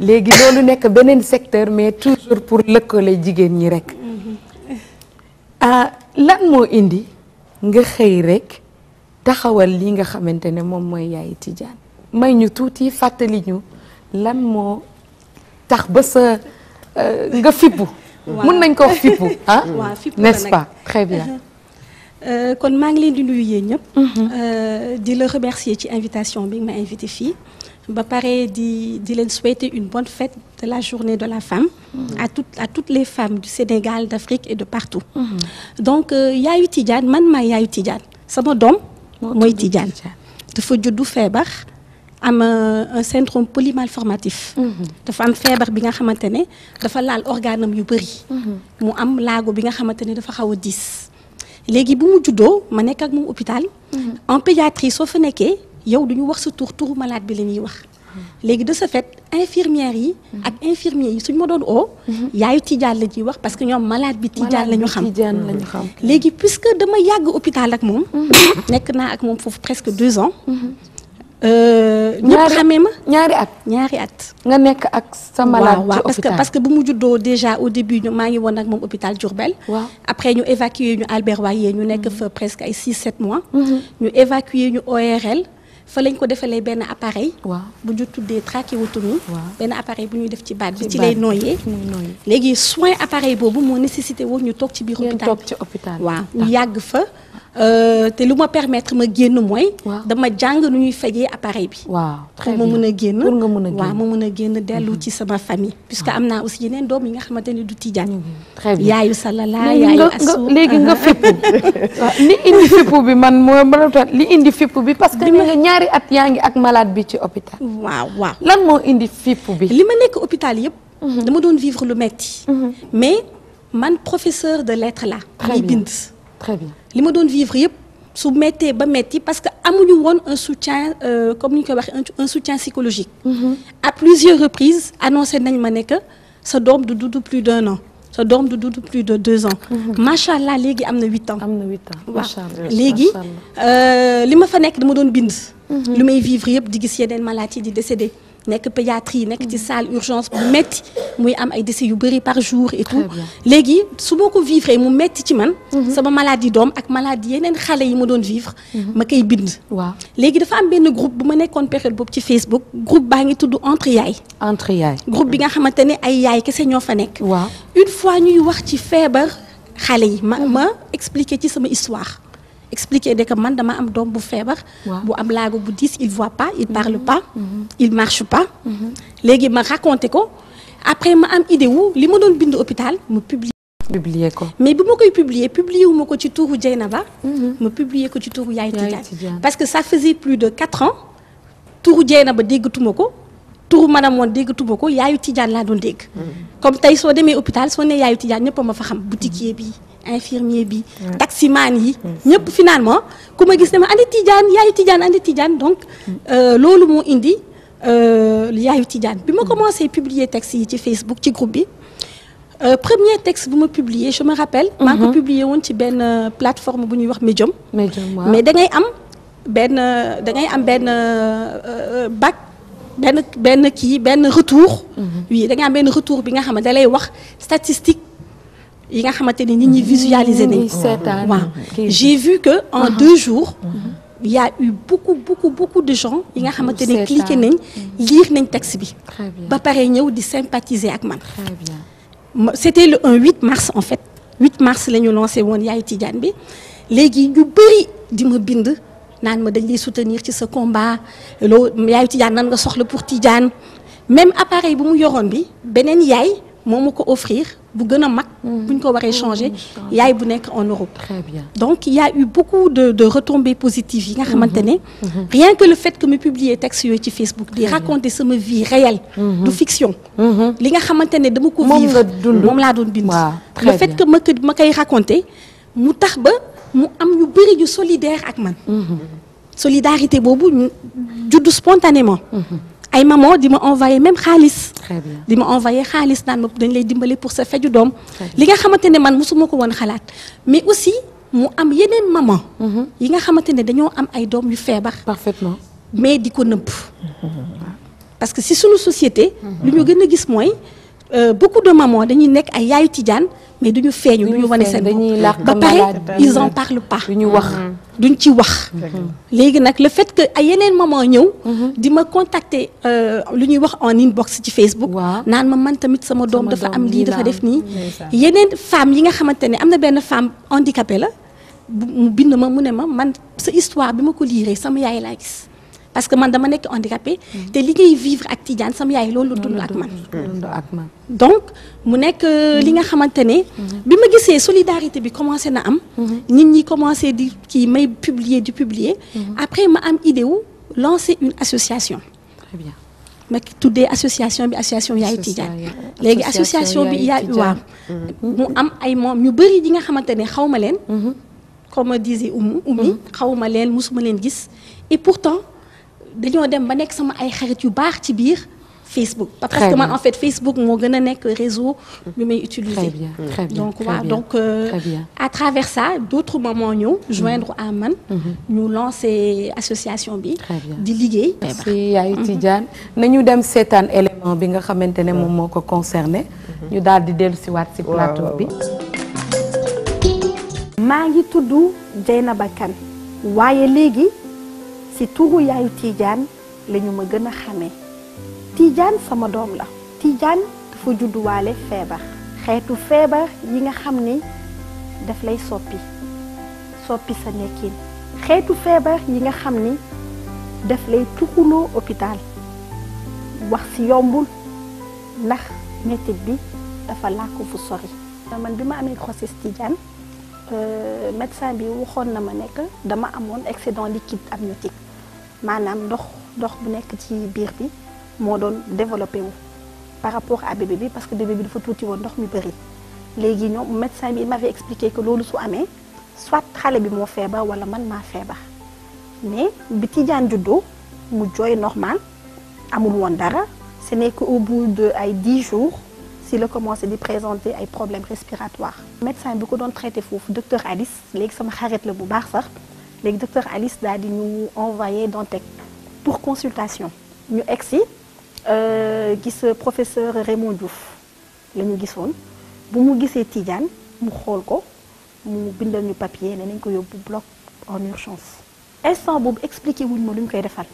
léegi loolu nekk beneen secteur mais toujours pour lëkkale jigéen ñi rek. Mm-hmm. ah lan moo indi nga xëy rek taxawal li nga xamante ne moom mooy Yaye Tidiane may ñu tuuti fàttali ñu lan moo tax ba sa euh, nga fippu. mën nañ ko wax fippu ah n'est-ce pas Euh, kon maa ngi leen di nuyu yéen ñëpp. Mhm. Euh, di la remercier ci invitation bi nga ma invité fii. ba pare di di leen souhaiter une bonne fête de la journée de la femme. Mhm. à toutes à toutes les femmes du Sénégal d'Afrique et de partout. Mhm. donc euh, yaayu Tidiane man maa yaayu Tidiane sama doom. mooy Tidiane dafa juddu feebar. am un syndrome polymalformatif. dafa am feebar bi nga xamante ne dafa laal organam yu bëri. mu am laago bi nga xamante ne dafa xaw a diis. léegi bu mu juddoo ma nekk ak moom hôpital. Mm-hmm. en pédiatrie soo fa nekkee yow du ñu wax sa tur turu malade bi la ñuy wax. Mm-hmm. léegi de ce fait infirmières yi. Mm-hmm. ak infirmiers yi suñ ma doon oo. yaayu tijaan la ciy wax parce que ñoom malade bi tijaan la ñu xam léegi puisque dama yàgg hôpital ak moom. nekk naa ak moom foofu presque deux ans. Euh, ñëpp xamee ma ñaari at ñaari at. nga nekk ak sa malade. ci hôpital parce que parce que bu mu juddoo déjà au début ñu maa ngi woon ak moom hôpital Diourbel. waaw après ñu évacuer ñu Albert Royer ñu nekk mm-hmm. fa presque ay 6 7 mois. Mm-hmm. ñu évacuer ñu ORL. fa lañ ko defalee benn appareil. waaw bu ñu tuddee trachéotomie. waaw benn appareil bu ñuy def ci baat bi ci lay noyyee. léegi soin appareil boobu moo nécessité woon ñu toog ci biir. hôpital ngeen toog ci hôpital waaw ñu yàgg fa. Euh, te lu ma permettre ma génn mooy. dama jàng nu ñuy fajee appareil bi. waaw très bien mën a génn pour nga mën a génn waaw ma mën a génn dellu mhm. ci sama famille. puisque ah. am naa aussi yeneen doom yi nga xamante ne du tijaan. Mhm. très bien yaayu salala yaayu asu léegi nga fépp li indi fépp bi man moo ma li indi fépp bi parce que. ñaari at yaa ngi ak malade bi ci hôpital. waaw waaw lan moo indi fépp bi. li ma nekk hôpital yëpp. Mhm. dama doon vivre lu metti mais man professeur de lettres la. muy bind. très bien li ma doon vivre yëpp su méttee ba métti parce que amuñu woon un soutien euh, comme ni ñu koy waxee un soutien psychologique. Mm -hmm. à plusieurs reprises annoncé nañ ma ne que sa doom du dudd plus d'un sa doom du dudd plus de deux ans. Mhm. macha allah léegi am na huit ans. am na huit ans macha allah léegi euh, li ma fa nekk dama doon bind. Mhm. lu may vivre yëpp di gis yeneen maladies di décédé. nekk pédiatrie nekk ci mm. saal urgence bu metti muy am ay décès yu bëri par jour et léegi su ma ko vivre mu metti ci man mm-hmm. sama maladie doom ak maladie yeneen xale yi ma doon vivre mm-hmm. ma koy bind waaw léegi dafa am benn groupe bu ma nekkoon période boobu ci Facebook groupe baa ngi tudd entre yaay entre yaay groupe bi nga xamante ni ay yaay kese ñoo fa nekk waaw une fois ñuy wax ci feebar xale yi ma ma expliquer ci sama histoire expliquer de que man dama am doom bu feebar. bu am laago bu diis il voit pas il parle mm-hmm. pas. Mm-hmm. il marche pas. Mm-hmm. léegi ma raconté ko après ma am idée wu li ma doon bind hôpital ma publier. publier ko mais bi ma koy publier publier wu ma ko ci tuuru Dieynaba. ma publier ko ci tuuru Yaay Tidiane parce que ça faisait plus de quatre ans tuuru ba déggatuma ko. turu madame woon déggatuma ko yaayu Tidiane laa doon dégg. comme tey soo demee hôpital soo nee yaayu Tidiane ñëpp a ma fa xam boutiquier bi infirmier bi taximaan yi ñëpp finalement ku ma gis ne ma andi tijaan yaayu tijaan andi tijaan donc mm. euh, loolu moo indi euh, yaayu tijaan bi ma mm. commencé publier texte yi ci Facebook ci groupe bi Euh, premier texte bu ma publier je me rappelle. maa ngi ko mm-hmm. publier woon ci benn euh, plateforme bu ñuy wax Medium. Medium waaw mais da am benn da ngay am benn bac benn benn kii benn retour. Mm-hmm. oui da ngay am benn retour bi nga xam ne lay wax statistique. yi nga xamante ni nit ñi visualiser nañ mmh. waaw j'ai vu que en uh-huh. deux jours ya uh-huh. y a eu beaucoup beaucoup de gens yi nga xamante ne cliqué nañ mmh. lire nañ texte bi ba pare ñëw di sympathiser ak man c'était le 1 8 mars en fait 8 mars la ñu lancé woon yaayu Tidiane bi léegi ñu bëri di ma bind naan ma dañ lay soutenir ci sa combat loo yaayu Tidiane nan nga soxla pour Tidiane même appareil bu mu yoroon bi beneen yaay moom ma ko offrir bu gën a mag. Mm. bu ñu ko waree mm. changer yaay bu nekk en Europe. très donc il eu beaucoup de de retombées yi nga xamante mm-hmm. ne. Mm-hmm. rien que le fait que mu publier texte yooyu ci Facebook. di raconter sama vie réelle. Mm-hmm. du fiction. li nga xamante ne dama ko vivre moom laa doon bind. le fait que ma ko ma raconter mu tax ba mu am ñu bëri ñu solidaire ak man. solidarité boobu ñu juddu spontanément. ay maman di ma envoyé même xaalis. di ma envoyé xaalis naan ma dañ lay dimbali pour sa feju doom. li nga xamante ne man mosuma ko woon xalaat mais aussi mu am yeneen maman. Mhm. yi nga xamante ne dañoo am ay doom yu feebar. parfaitement mais di ko nëbb. Mhm. parce que si suñu société. Mhm. lu ñu gën a gis mooy. Euh, beaucoup de mamans dañuy nekk ay yaayu tijaan mais duñu feeñu duñu wane seen bopp ba pare ils en parlent pas ñu wax duñ ci wax léegi nag le fait que ay yeneen maman ñëw mhm. di ma contacter euh, lu ñuy wax en inbox ci Facebook naan ma man tamit sama doom dafa am lii dafa def nii yeneen femme yi nga xamante ne am na benn femme handicapée la bind ma mu ne ma man sa histoire bi ma ko liiree sama yaay laa gis parce que man dama nekk handicapé mm-hmm. te li ngay vivre ak Tidiane sam yaay loolu mm-hmm. Mm-hmm. dund ak man donc mu nekk euh, li nga xamante ne bi ma gisee solidarité bi commencé na am nit ñi commencé di kii may publier di publier après ma am idée wu lancer une association très ki ma tuddee association bi association yaay Tidiane léegi association bi yaay waaw mu am ay moom ñu bëri yi nga xamante ne xaw ma leen comme disait Oumou Oumi xaw ma leen mosuma leen gis et pourtant dañoo dem ba nekk sama ay xarit yu baax ci biir Facebook. parce que man en fait Facebook moo gën a nekk réseau bi may utiliser. très bien très bien donc waaw donc euh, à travers ça d' autres moments ñëw. joindre à man. Mm-hmm. Mm-hmm. ñu lancer association bi. di liggéey. merci Yaay Tidiane nañu dem seetaan élément bi nga xamante ne moom moo ko concerné. Mm-hmm. ñu daal di dellusiwaat si plateau bi. maa ngi na Dieynaba Kane waaye léegi. si turu yaayu tiijaan lañu ma gën a xamee Tidiane sama doom la Tidiane fu judduwaale feebar xeetu feebar yi nga xam ni daf lay soppi soppi sa nekkin xeetu feebar yi nga xam ni daf lay tuxuloo hôpital wax ci yombul ndax mettit bi dafa làkk fu sori dama bi ma amee grossesse Tidiane Euh, médecin bi waxoon na ma nekk dama amoon excédent liquide amniotique maanaam ndox ndox bu nekk ci biir bi moo doon développé wu par rapport à bébé bi parce que bébé bi dafa tuuti woon ndox mi bëri léegi ñoom médecin bi il m'avait expliqué que loolu su amee soit xale bi moo feebar wala man maa feebar mais bi Tidiane juddu mu jooy normal amul woon dara ce n'est au bout de ay 10 jours si la commencé di présenter ay problèmes respiratoires. médecin bi ko doon traité foofu docteur Alice léegi sama xarit la bu baax sax léegi docteur Alice daal di ñu envoyé Dantec pour consultation ñu egg si euh, gis professeur Raymond Diouf la ñu gisoon bu mu gisee Tidiane mu xool ko mu bindal ñu papier ne nañ ko yóbbu bloc en urgence instant boobu expliqué wuñ ma lu ñu koy defal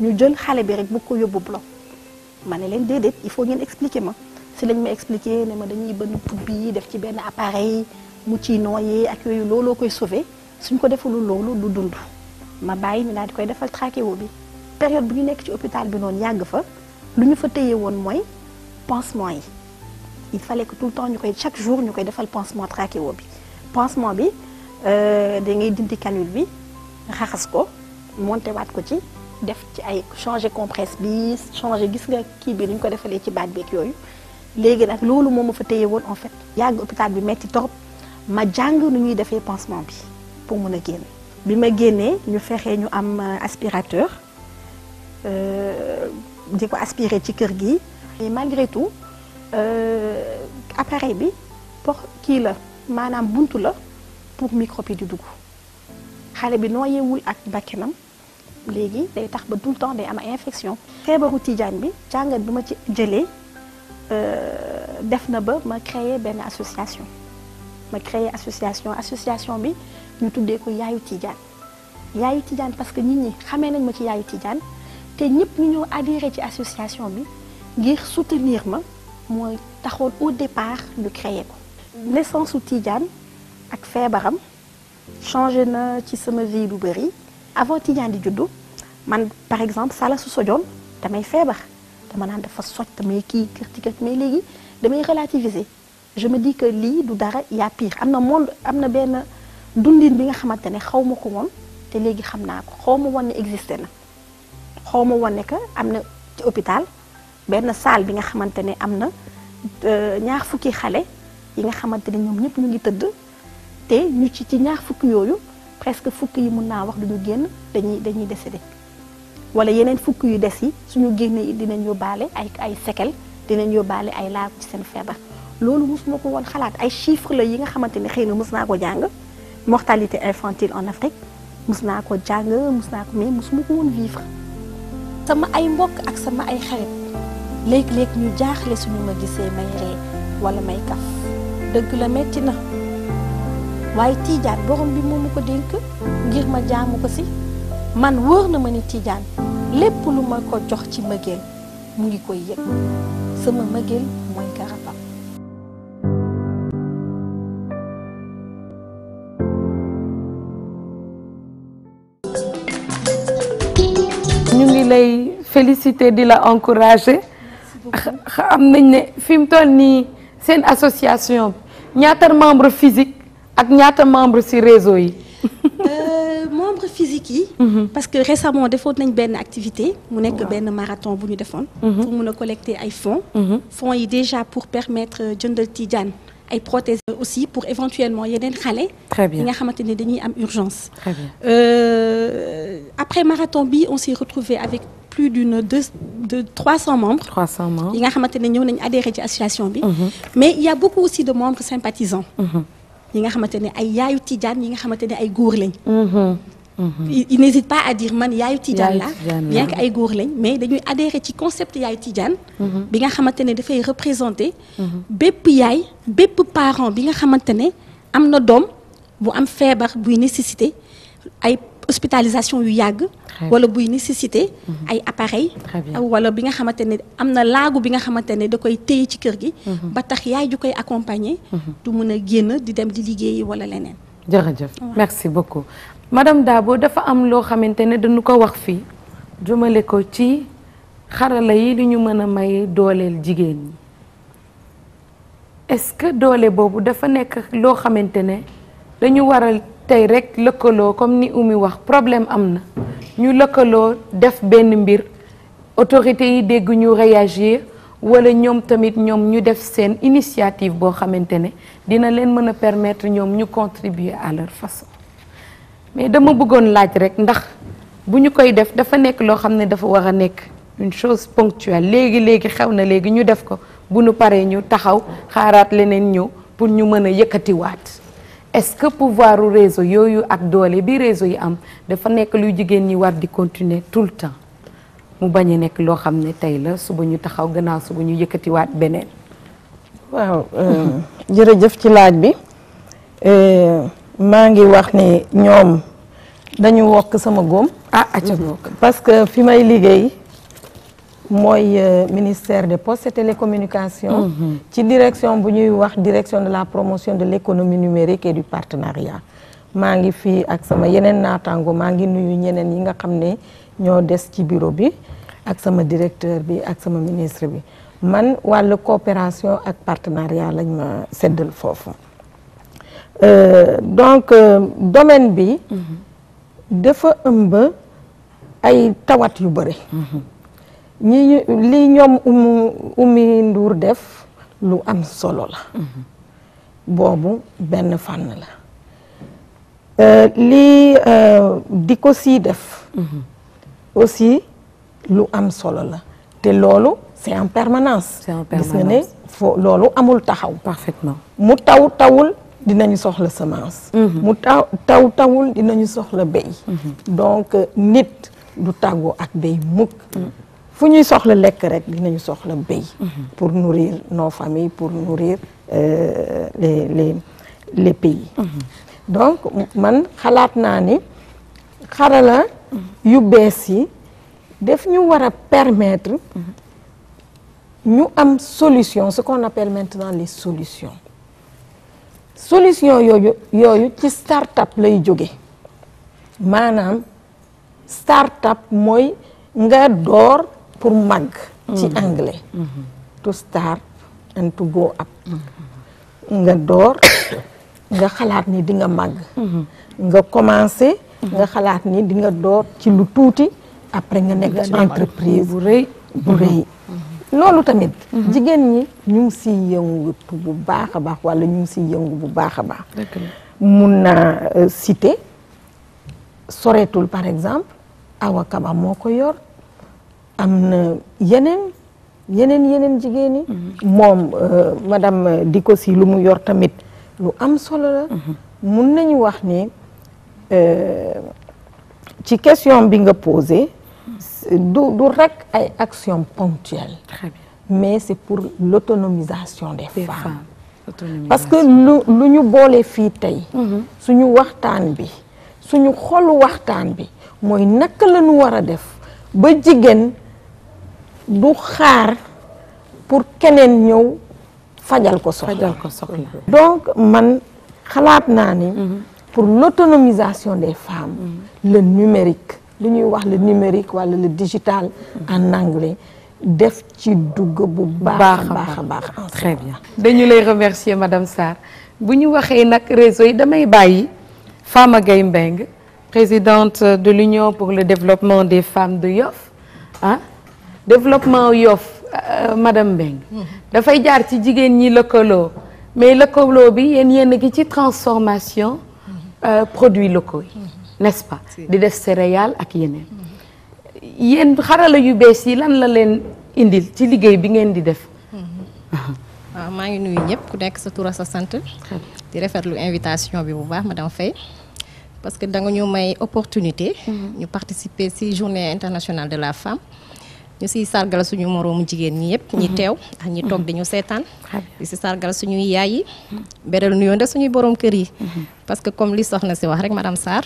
ñu jël xale bi rek bu ko yóbbu bloc ma ne leen déedéet il faut ngeen expliquer ma. si lañ ma expliqué ne ma dañuy bënn pout bi def ci benn appareil mu ciy nooyee ak yooyu looloo koy sauver suñ ko defalul loolu du dund ma bàyyi ñu daal di koy defal trachéo bi période bu ñu nekk ci hôpital bi noonu yàgg fa lu ñu fa téye woon mooy pansement yi il fa que tout temps ñu koy chaque jour ñu koy defal pansement trachéo bi pansement bi euh, da ngay dindi canule bi raxas ko monté waat ko ci def ci ay changer compresse bi changer gis nga kii bi ni ñu ko defalee ci baat beeg yooyu léegi nag loolu moom ma fa téye woon en fait yàgg hôpital bi metti torop ma jàng nu ñuy defee pansement bi pour mun a génn bi ma génnee ñu fexee ñu am euh, aspirateur euh, di ko aspirer ci kër gi mais malgré tout euh, appareil bi pour kii la maanaam bunt la pour microbe yi di dugg xale bi nooyeewul ak bakkenam léegi day tax ba tout le temps day am infection feebaru tiijaan bi jàngat bi ma ci jëlee def na ba ma crée benn association ma crée association association bi ñu tuddee ko Yaayu Tidiane Yaayu Tidiane parce que nit ñi xamee nañ ma ci Yaayu Tidiane te ñëpp ñu ñëw adhéré ci association bi ngir soutenir ma mooy taxoon au départ ñu créer ko naissance su Tidiane ak feebaram changé na ci sama vie lu bëri avant Tidiane di juddu man par exemple sala su sojoon damay feebar dama naan dafa soj damay kii kër mais léegi damay relativiser je me dis lii du dara y a am na monde am na benn dundin bi nga xamante ne xaw ma ko woon te léegi xam naa ko xaw ma woon ne existé na xaw ma woon ne que am na ci hôpital benn salle bi nga xamante ne am na euh, ñaar fukki xale yi nga xamante ne ñoom ñëpp ñu ngi tëdd te ñu ci ci ñaar fukki yooyu presque fukki yi mun naa wax duñu génn dañuy dañuy décédé wala yeneen fukk yu des yi suñu génnee dinañ yóbbaale ay ay séquelles dinañ yóbbaale ay laago ci seen feebar loolu mosuma ko woon xalaat ay chiffres la yi nga xamante ne xëy na mos naa ko jàng mortalité infantile en Afrique mos naa ko jàng mus naa ko mais mosuma ko woon vivre sama ay mbokk ak sama ay xarit léeg-léeg ñu jaaxle suñu ma gisee may ree wala may kaf dëgg la metti na waaye tiijaat borom bi moomu ko dénk ngir ma jaamu ko si man wóor na ma ni Tidiane lépp lu ma ko jox ci mbëggeel mu ngi koy yëg sama mbëggeel mooy garabam. ñu ngi lay féliciter di la encourager xam nañ ne fi mu toll nii seen association bi ñaata membre physique ak ñaata membre ci réseau yi. kii. Mhm. parce que récemment defoon nañ benn activité. mu nekk benn marathon bu ñu defoon. Mhm. pour mun a collecter ay fonds. Mhm. fonds yi déjà pour permettre euh, jëndal Tijaan ay prothèses aussi pour éventuellement yeneen xale. très bien yi nga xamante ne dañuy am urgence. très bien euh, après marathon bi on s'est retrouvé avec. plus d'une deux de trois cents membres. trois cents membres yi nga xamante ne ñëw nañ adhéré ci association bi. mais il y a beaucoup aussi de membres sympathisants. yi nga xamante ne ay yaayu tijaan yi nga xamante ne ay góor lañ. ils n'hésitent pas à dire man yaayu Tidiane la bien que ay góor lañ mais dañuy adhérer ci concept yaayu Tidiane. Mhm. bi nga xamante ne dafay représenter. Mhm. bépp yaay bépp parent bi nga xamante ne am na doom bu am feebar buy nécessité ay. hospitalisation yu yàgg wala buy nécessité mhm. ay appareil wala bi nga xamante ne am na laagu bi nga xamante ne da koy téye ci kër gi ba tax yaay ju koy accompagner du mun a génn di dem di liggéeyi wala leneen jërëjëf merci beaucoup madame Dabo dafa am loo xamante ne dañu ko wax fii jëmale ko ci xarala yi li ñu mën a may dooleel jigéen ñi est-ce que doole boobu dafa nekk loo xamante ne dañu waral tey rek lëkkaloo comme ni Oumy wax problème am na ñu lëkkaloo def benn mbir autorités yi dégg ñu réagir wala ñoom tamit ñoom ñu def seen initiative boo xamante ne dina leen mën a permettre ñoom ñu contribuer à leur façon mais dama bëggoon laaj rek ndax bu ñu koy def dafa nekk loo xam ne dafa war a nekk une chose ponctuelle léegi léegi xew na léegi ñu def ko bu nu paree ñu taxaw xaaraat leneen ñëw pour ñu mën a yëkkati yëkkatiwaat est-ce que pouvoir u réseau yooyu ak doole bi réseau yi am dafa nekk luy jigéen ñi war di continuer tout le temps mu bañ a nekk loo xam ne tey la suba ñu taxaw gannaaw suba ñu waat beneen waaw euh, jërëjëf ci laaj bi euh, maa ngi wax ni ñoom dañu wokk sama góom. ah atia mhm. parce que fi may liggéey mooy euh, ministère des postes et télécommunications. Mhm. ci direction bu ñuy wax direction de la promotion de l' économie numérique et du partenariat. maa ngi fii ak sama yeneen naataango maa ngi nuyu ñeneen yi nga xam ne ñoo des ci bureau bi ak sama directeur bi ak sama ministre bi man wàllu coopération ak partenariat lañ ma seddal foofu. Euh, donc euh, domaine bi dafa ëmb ay tawat yu bëri mm-hmm. ñi li ñoom umu umi nduur def lu am solo la mm-hmm. boobu benn fànn la euh, lii di ko si def mm-hmm. aussi lu am solo la te loolu c'est en permanence gis nga loolu amul taxaw parfaitement mu taw tawul dinañu soxla semence. Mhm. mu taw taw tawul dinañu soxla béy. Mhm. donc nit du tàggoo ak béy mukk. fu ñuy soxla lekk rek dinañu soxla béy. Mhm. pour nourrir nos familles pour nourrir euh, les les les pays. donc man xalaat naa ni xarala yu bees yi def ñu war a permettre ñu am solution ce kon appelle maintenant les solutions. solution yooyu yooyu ci startup lay joge maanaam startup mooy nga door pour màgg ci mm-hmm. anglais mm-hmm. to start and to go up nga door nga xalaat ni dinga nga màgg mm-hmm. nga commencé nga xalaat ni dinga door ci lu tuuti après nga nekk entreprise bu loolu tamit. Mhm. jigéen ñi ñu ngi siy yëngu bu baax a baax wala ñu ngi siy yëngu bu baax a baax. mun naa euh, citer soreetul par exemple Awa Kaba moo ko yor am na yeneen yeneen yeneen jigéen ñi. Mhm. moom euh, madame Diko si lu mu yor tamit lu am solo la. Mhm. mun nañu wax ni euh, ci question bi nga posé. du du rekk ay actions ponctuelles. mais c'est pour l'autonomisation des, des parce que lu ñu boolee fii tey. Mhm. suñu waxtaan bi suñu xolu waxtaan bi mooy naka la ñu war a def ba jigéen du xaar pour keneen ñëw fajal ko soxla. fajal donc man xalaat naa ni. Mhm. pour l'autonomisation des femmes. Mm numérique. li ñuy wax le numérique wala le digital en anglais def ci dugg bu baax a baax a baax très bien dañu lay remercier madame sar bu ñu waxee nag réseau yi damay bàyyi Fama Gaye Mbeng présidente de l'union pour le développement des femmes de Yoff ah développement Yoff euh, madame Mbeng mm-hmm. dafay jaar ci jigéen ñi lëkkaloo mais lëkkaloo bi yéen yéen a ci transformation mm-hmm. euh, produits locaux yi mm-hmm. n'est-ce di def céréales ak yeneen yenn xarala yu bees yi lan la leen indil ci liggéey bi ngeen di def waaw mm-hmm. ah, maa ngi nuyu ñëpp ku nekk sa tur a sa sant di rafetlu invitation bi bu baax madame Faye parce que danga nga ñu may opportunité mm-hmm. ñu participer ci journée internationale de la femme ñu siy sargal suñu moroomu jigéen ñi yëpp ñi mm-hmm. teew ak ñi toog dañu seetaan di si sargal suñuy yaay yi beral nuyoo nde suñu borom kër yi parce que comme li soxna si wax rek madame Sarr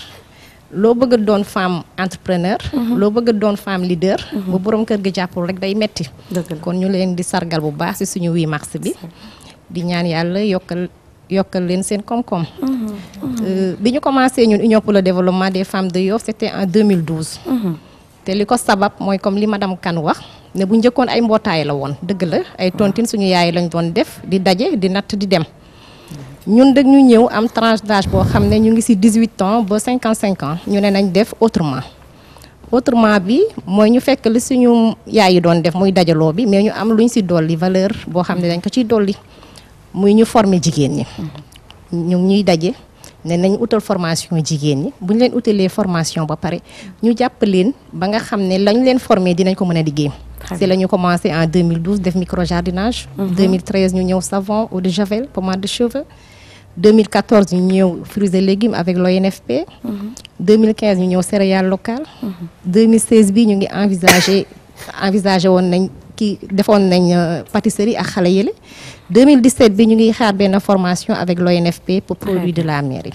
loo bëgg doon femme entrepreneur. Mhm. loo bëgg doon femme leader. Mhm. bu borom kër gi jàppul rek day metti kon ñu leen di sargal bu baax ci suñu 8 mars bi. di ñaan yàlla yokkal yokkal leen seen koom-koom. Mhm. Euh, bi ñu commencé ñun union pour le développement des femmes de Yoff c'était en 2012. te li ko sabab mooy comme li madame Kane wax ne bu njëkkoon ay mbootaay la woon dëgg la ay tontine suñu yaay lañ doon def di daje di natt di dem. ñun dag ñu ñëw am tranche boo xam ne ñu ngi ci dix-huit ans ba cinquante-cinq ñu ne nañ def autrement autrement bi mooy ñu fekk li suñu yaay yi doon def muy dajaloo bi mais ñu am lu luñ ci dolli valeur boo xam ne dañ ko ciy dolli muy ñu former jigéen ñi mm-hmm. ñu ñuy daje. ne nañ utal formation jigéen ñi bu ñu leen utalee formation ba pare ñu jàpp leen ba nga xam ne lañ leen formé dinañ ko mën a liggéey. c'est la ñu commencé en 2012 def micro jardinage. 2013 mhm. ñu ñëw savon eau de javel pommade de cheveux. 2014 ñu ñëw fruits et légumes avec l'ONFP. 2015 mhm. ñu ñëw céréales locales. 2016 mhm. bi ñu ngi envisager envisager woon nañ. kii defoon nañ euh, pâtisserie ak xale yële 2017 bi ñu ngi xaar benn formation avec l'ONFP pour produit de la mairie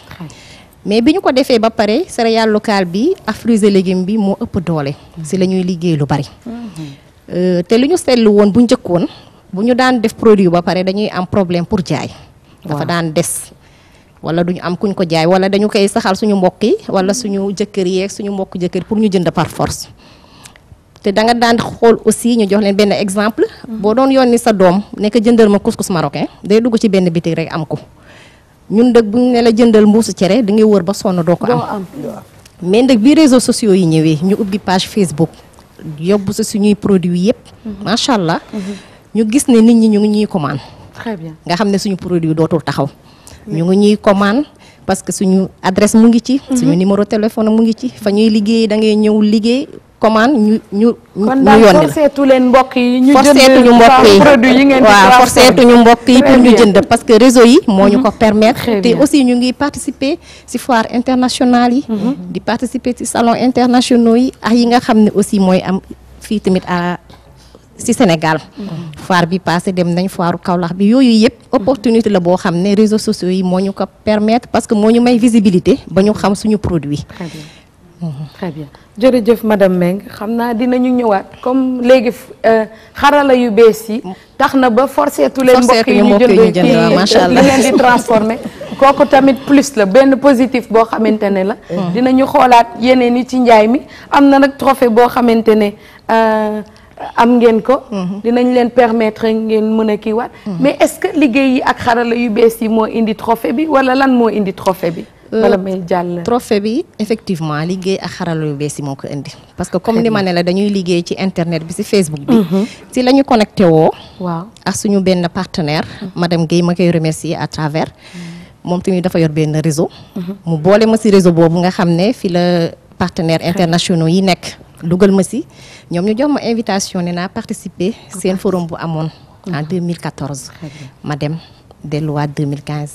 mais bi ñu ko defee ba pare céréale locale bi ak fruits légumes bi moo ëpp doole si la ñuy liggéey lu bari euh, te lu ñu seetlu woon bu njëkkoon bu ñu daan def produit ba pare dañuy am problème pour jaay dafa daan des wala duñu am kuñ ko jaay wala dañu koy saxal suñu mbokk yi wala suñu jëkkër yeeg suñu mbokk jëkkër pour ñu jënd par force te da daan xool aussi ñu jox leen benn exemple. boo doon yónni sa doom nekk jëndal ma couscous marocain day dugg ci benn bitig rek am ko ñu dëgg bu ñu ne la jëndal mbuusu cere da ngay wër ba sonn doo ko am. mais nag bi réseaux sociaux yi ñëwee ñu ubbi page Facebook yóbbu sa suñuy produit yëpp. macha mm-hmm. allah mm-hmm. ñu gis ne nit ñi ñu ngi ñuy commande. très nga xam ne suñu produit dootul taxaw. ñu ngi ñuy commande parce que suñu adresse mu ngi ci. Mm-hmm. suñu numéro téléphone mu ngi ci fa ñuy liggéey da ngay commande ñu ñu. ñu yónnee forceetu leen mbokk yi ñu jënd produit yi ngeen di waaw forceetuñu mbokk yi pour ñu jënd parce que réseau yi moo ñu ko mhm. permettre te aussi ñu ngi participer ci foire internationale yi mhm. di participer ci salon internationaux yi ak ah, yi nga xam ne aussi mooy am fii tamit à ci Sénégal mhm. foire bi passé dem nañ foiru Kaolack bi yooyu yëpp opportunité la boo xam ne réseaux sociaux yi moo ñu ko permettre parce que moo ñu may visibilité ba ñu xam suñu produit très bien jërëjëf madame Meng xam naa dinañu ñëwaat comme léegi euh, xarala yu bees yi. Mm. tax na ba force tu leen mbokk yi ñu jënd kii macha allah li leen di transformé kooku tamit plus la benn positif boo xamante ne la. Mm. ñu xoolaat yeneen yi ci njaay mi am na nag trophée boo xamante ne. Euh, am ngeen ko. Mm-hmm. dinañ leen permettre ngeen mën a kii kiiwaat. Mm-hmm. mais est-ce que liggéey yi ak xarala yu bees yi moo indi trophée bi walla lan moo indi trophée bi. Euh, bala may jàll trophée bi effectivement liggéey ak xarala yu bees yi moo ko indi. parce que comme ni ma ne la dañuy liggéey ci internet bi si Facebook bi. si mhm. la ñu connecté woo. waaw ak suñu benn partenaire. Mhm. madame Guèye ma koy remercier à travers. Mhm. moom tamit dafa yor benn réseau. mu boole ma si réseau boobu nga xam ne fi la partenaires internationaux yi nekk. dugal ma si ñoom ñu jox ma invitation ne naa participer seen forum bu amoon. en 2014. ma dem delluwaat 2015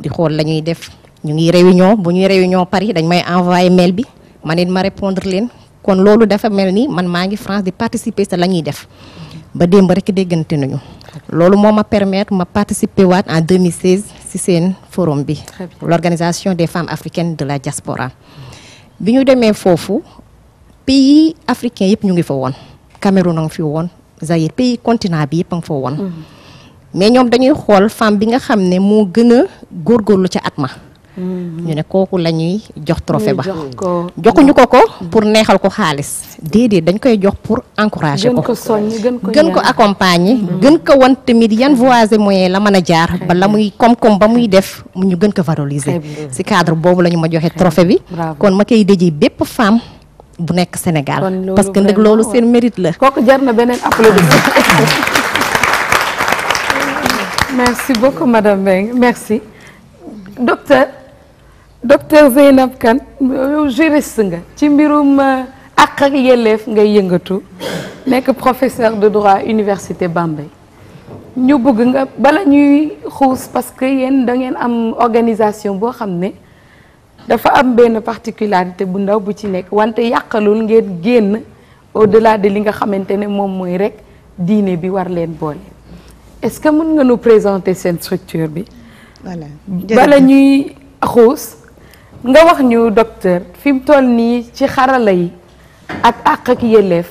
di xool la ñuy def. ñu ngi réunion bu ñuy réunion Paris dañ may envoyé mail bi man it ma répondre leen kon loolu dafa mel ni man maa ngi France di participer sa la ñuy def ba démb rek déggante nañu loolu moo ma permettre ma participer waat en 2016 ci seen forum bi l'organisation des femmes africaines de la diaspora bi ñu demee foofu pays africains yëpp ñu ngi fa woon Cameroun a fi woon Zaïre pays continent bi yëpp a ngi fa woon mm-hmm. mais ñoom dañuy xool femme bi nga xam ne moo gën a góorgóorlu ca at ma ñu ne kooku la ñuy jox trophée ba joxuñu ko ko mm. pour neexal ko xaalis déedéet dañ koy jox pour encourager ko gën ko accompagner mm. gën ko wan tamit yan mm. voies moyen la mën a jaar ba la muy koom-koom ba muy def mu ñu gën ko valoriser si cadre boobu la ñu ma joxe trophée bi kon ma koy déjee bépp femme bu nekk Sénégal parce que nag loolu seen mérite la kooku jar na beneen applaudissement merci docteur Zeynab Kane yow juriste nga ci mbirum euh, àq ak yelleef ngay yëngatu nekk professeur de droit université Bambey ñu bëgg nga bala ñuy xuus parce que yéen da ngeen am organisation boo xam ne dafa am benn particularité bu ndaw bu ci nekk wante yàqalul ngeen génn au delà de li nga xamante ne moom mooy rek diine bi war leen boole est-ce que mën nga nu présenter seen structure bi. bala ñuy xuus. nga wax ñu docteur fi mu toll nii ci xarala yi ak àq ak yelleef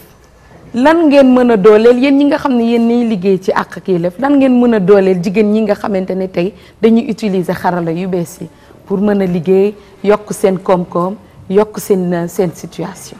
lan ngeen mën a dooleel yéen ñi nga xam ne yéen ñiy liggéey ci àq ak yelleef lan ngeen mën a dooleel jigéen ñi nga xamante ne tey dañuy utiliser xarala yu bees yi pour mën a liggéey yokk seen koom-koom yokk seen seen situation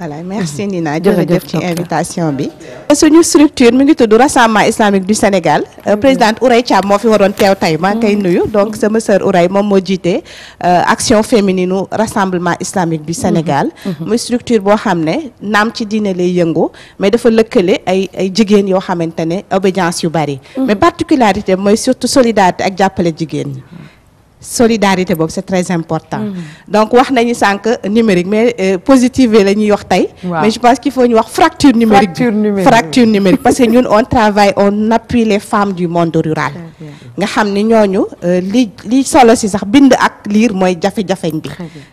voilà mhm. merci mhm. Nina jërëjëf ci invitation bi. Euh, suñu structure mi ngi tudd rassemblement islamique du Sénégal euh, mhm. président Ouray Thiam moo fi waroon teew tey maa ngi koy nuyu donc sama sœur Ouray moom moo jiite euh, action féminine u rassemblement islamique du Sénégal. muy structure boo xam ne naam ci diine lay yëngu mais dafa lëkkale ay ay jigéen yoo xamante ne obédience yu bari. mais particularité mooy surtout solidarité ak jàppale jigéen ñi. solidarité boobu c'est très important. Mm -hmm. donc wax nañu sànq numérique mais euh, positive la ñuy wax tey. mais je pense qu'il faut ñu wax fracture numérique. fracture numérique fracture numérique parce que ñun on travaille on appuie les femmes du monde rural. nga xam ni ñooñu euh, li li solo si sax bind ak liir mooy jafe-jafeñ bi.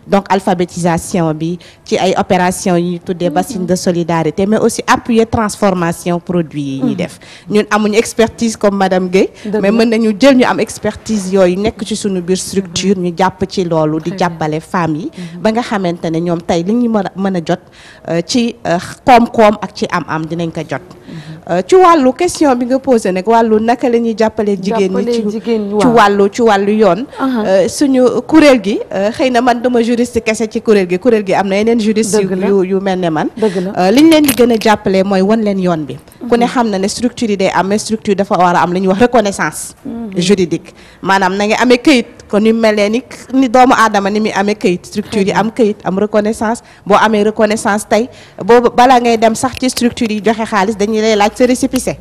donc alphabétisation bi ci ay opération yi ñu tuddee bassine de solidarité mais aussi appuyer transformation produit yi ñuy mm. def. ñun amuñu expertise comme madame Guèye. mën nañu jël ñu am expertise yooyu nekk ci sunu biir structure ñu jàpp ci loolu di jàppale femmes yi mm-hmm. ba nga xamante ne ñoom tey li ñu mën a mën a jot euh, ci euh, koom-koom ak ci am-am dinañ ko jot Euh, ci wàllu question bi nga posé nag wàllu naka la ñuy jàppale jigéen ñi ci wàllu ci wàllu yoon euh, suñu kuréel gi euh, xëy na man dama juriste kese ci kuréel gi kuréel gi am na yeneen juriste yu yu mel ne man li ñu leen di gën a jàppale mooy wan leen yoon bi ku ne mhm. xam na ne structure yi day amee mais structure dafa war a am li ñuy wax reconnaissance mhm. juridique maanaam na nga amee këyit kon ni mel nee ni doomu aadama ni muy amee këyit structure yi am këyit am reconnaissance boo amee reconnaissance tey boo balaa ngay dem sax ci structure yi joxe xaalis dañuy ñu lay laaj sa récépissé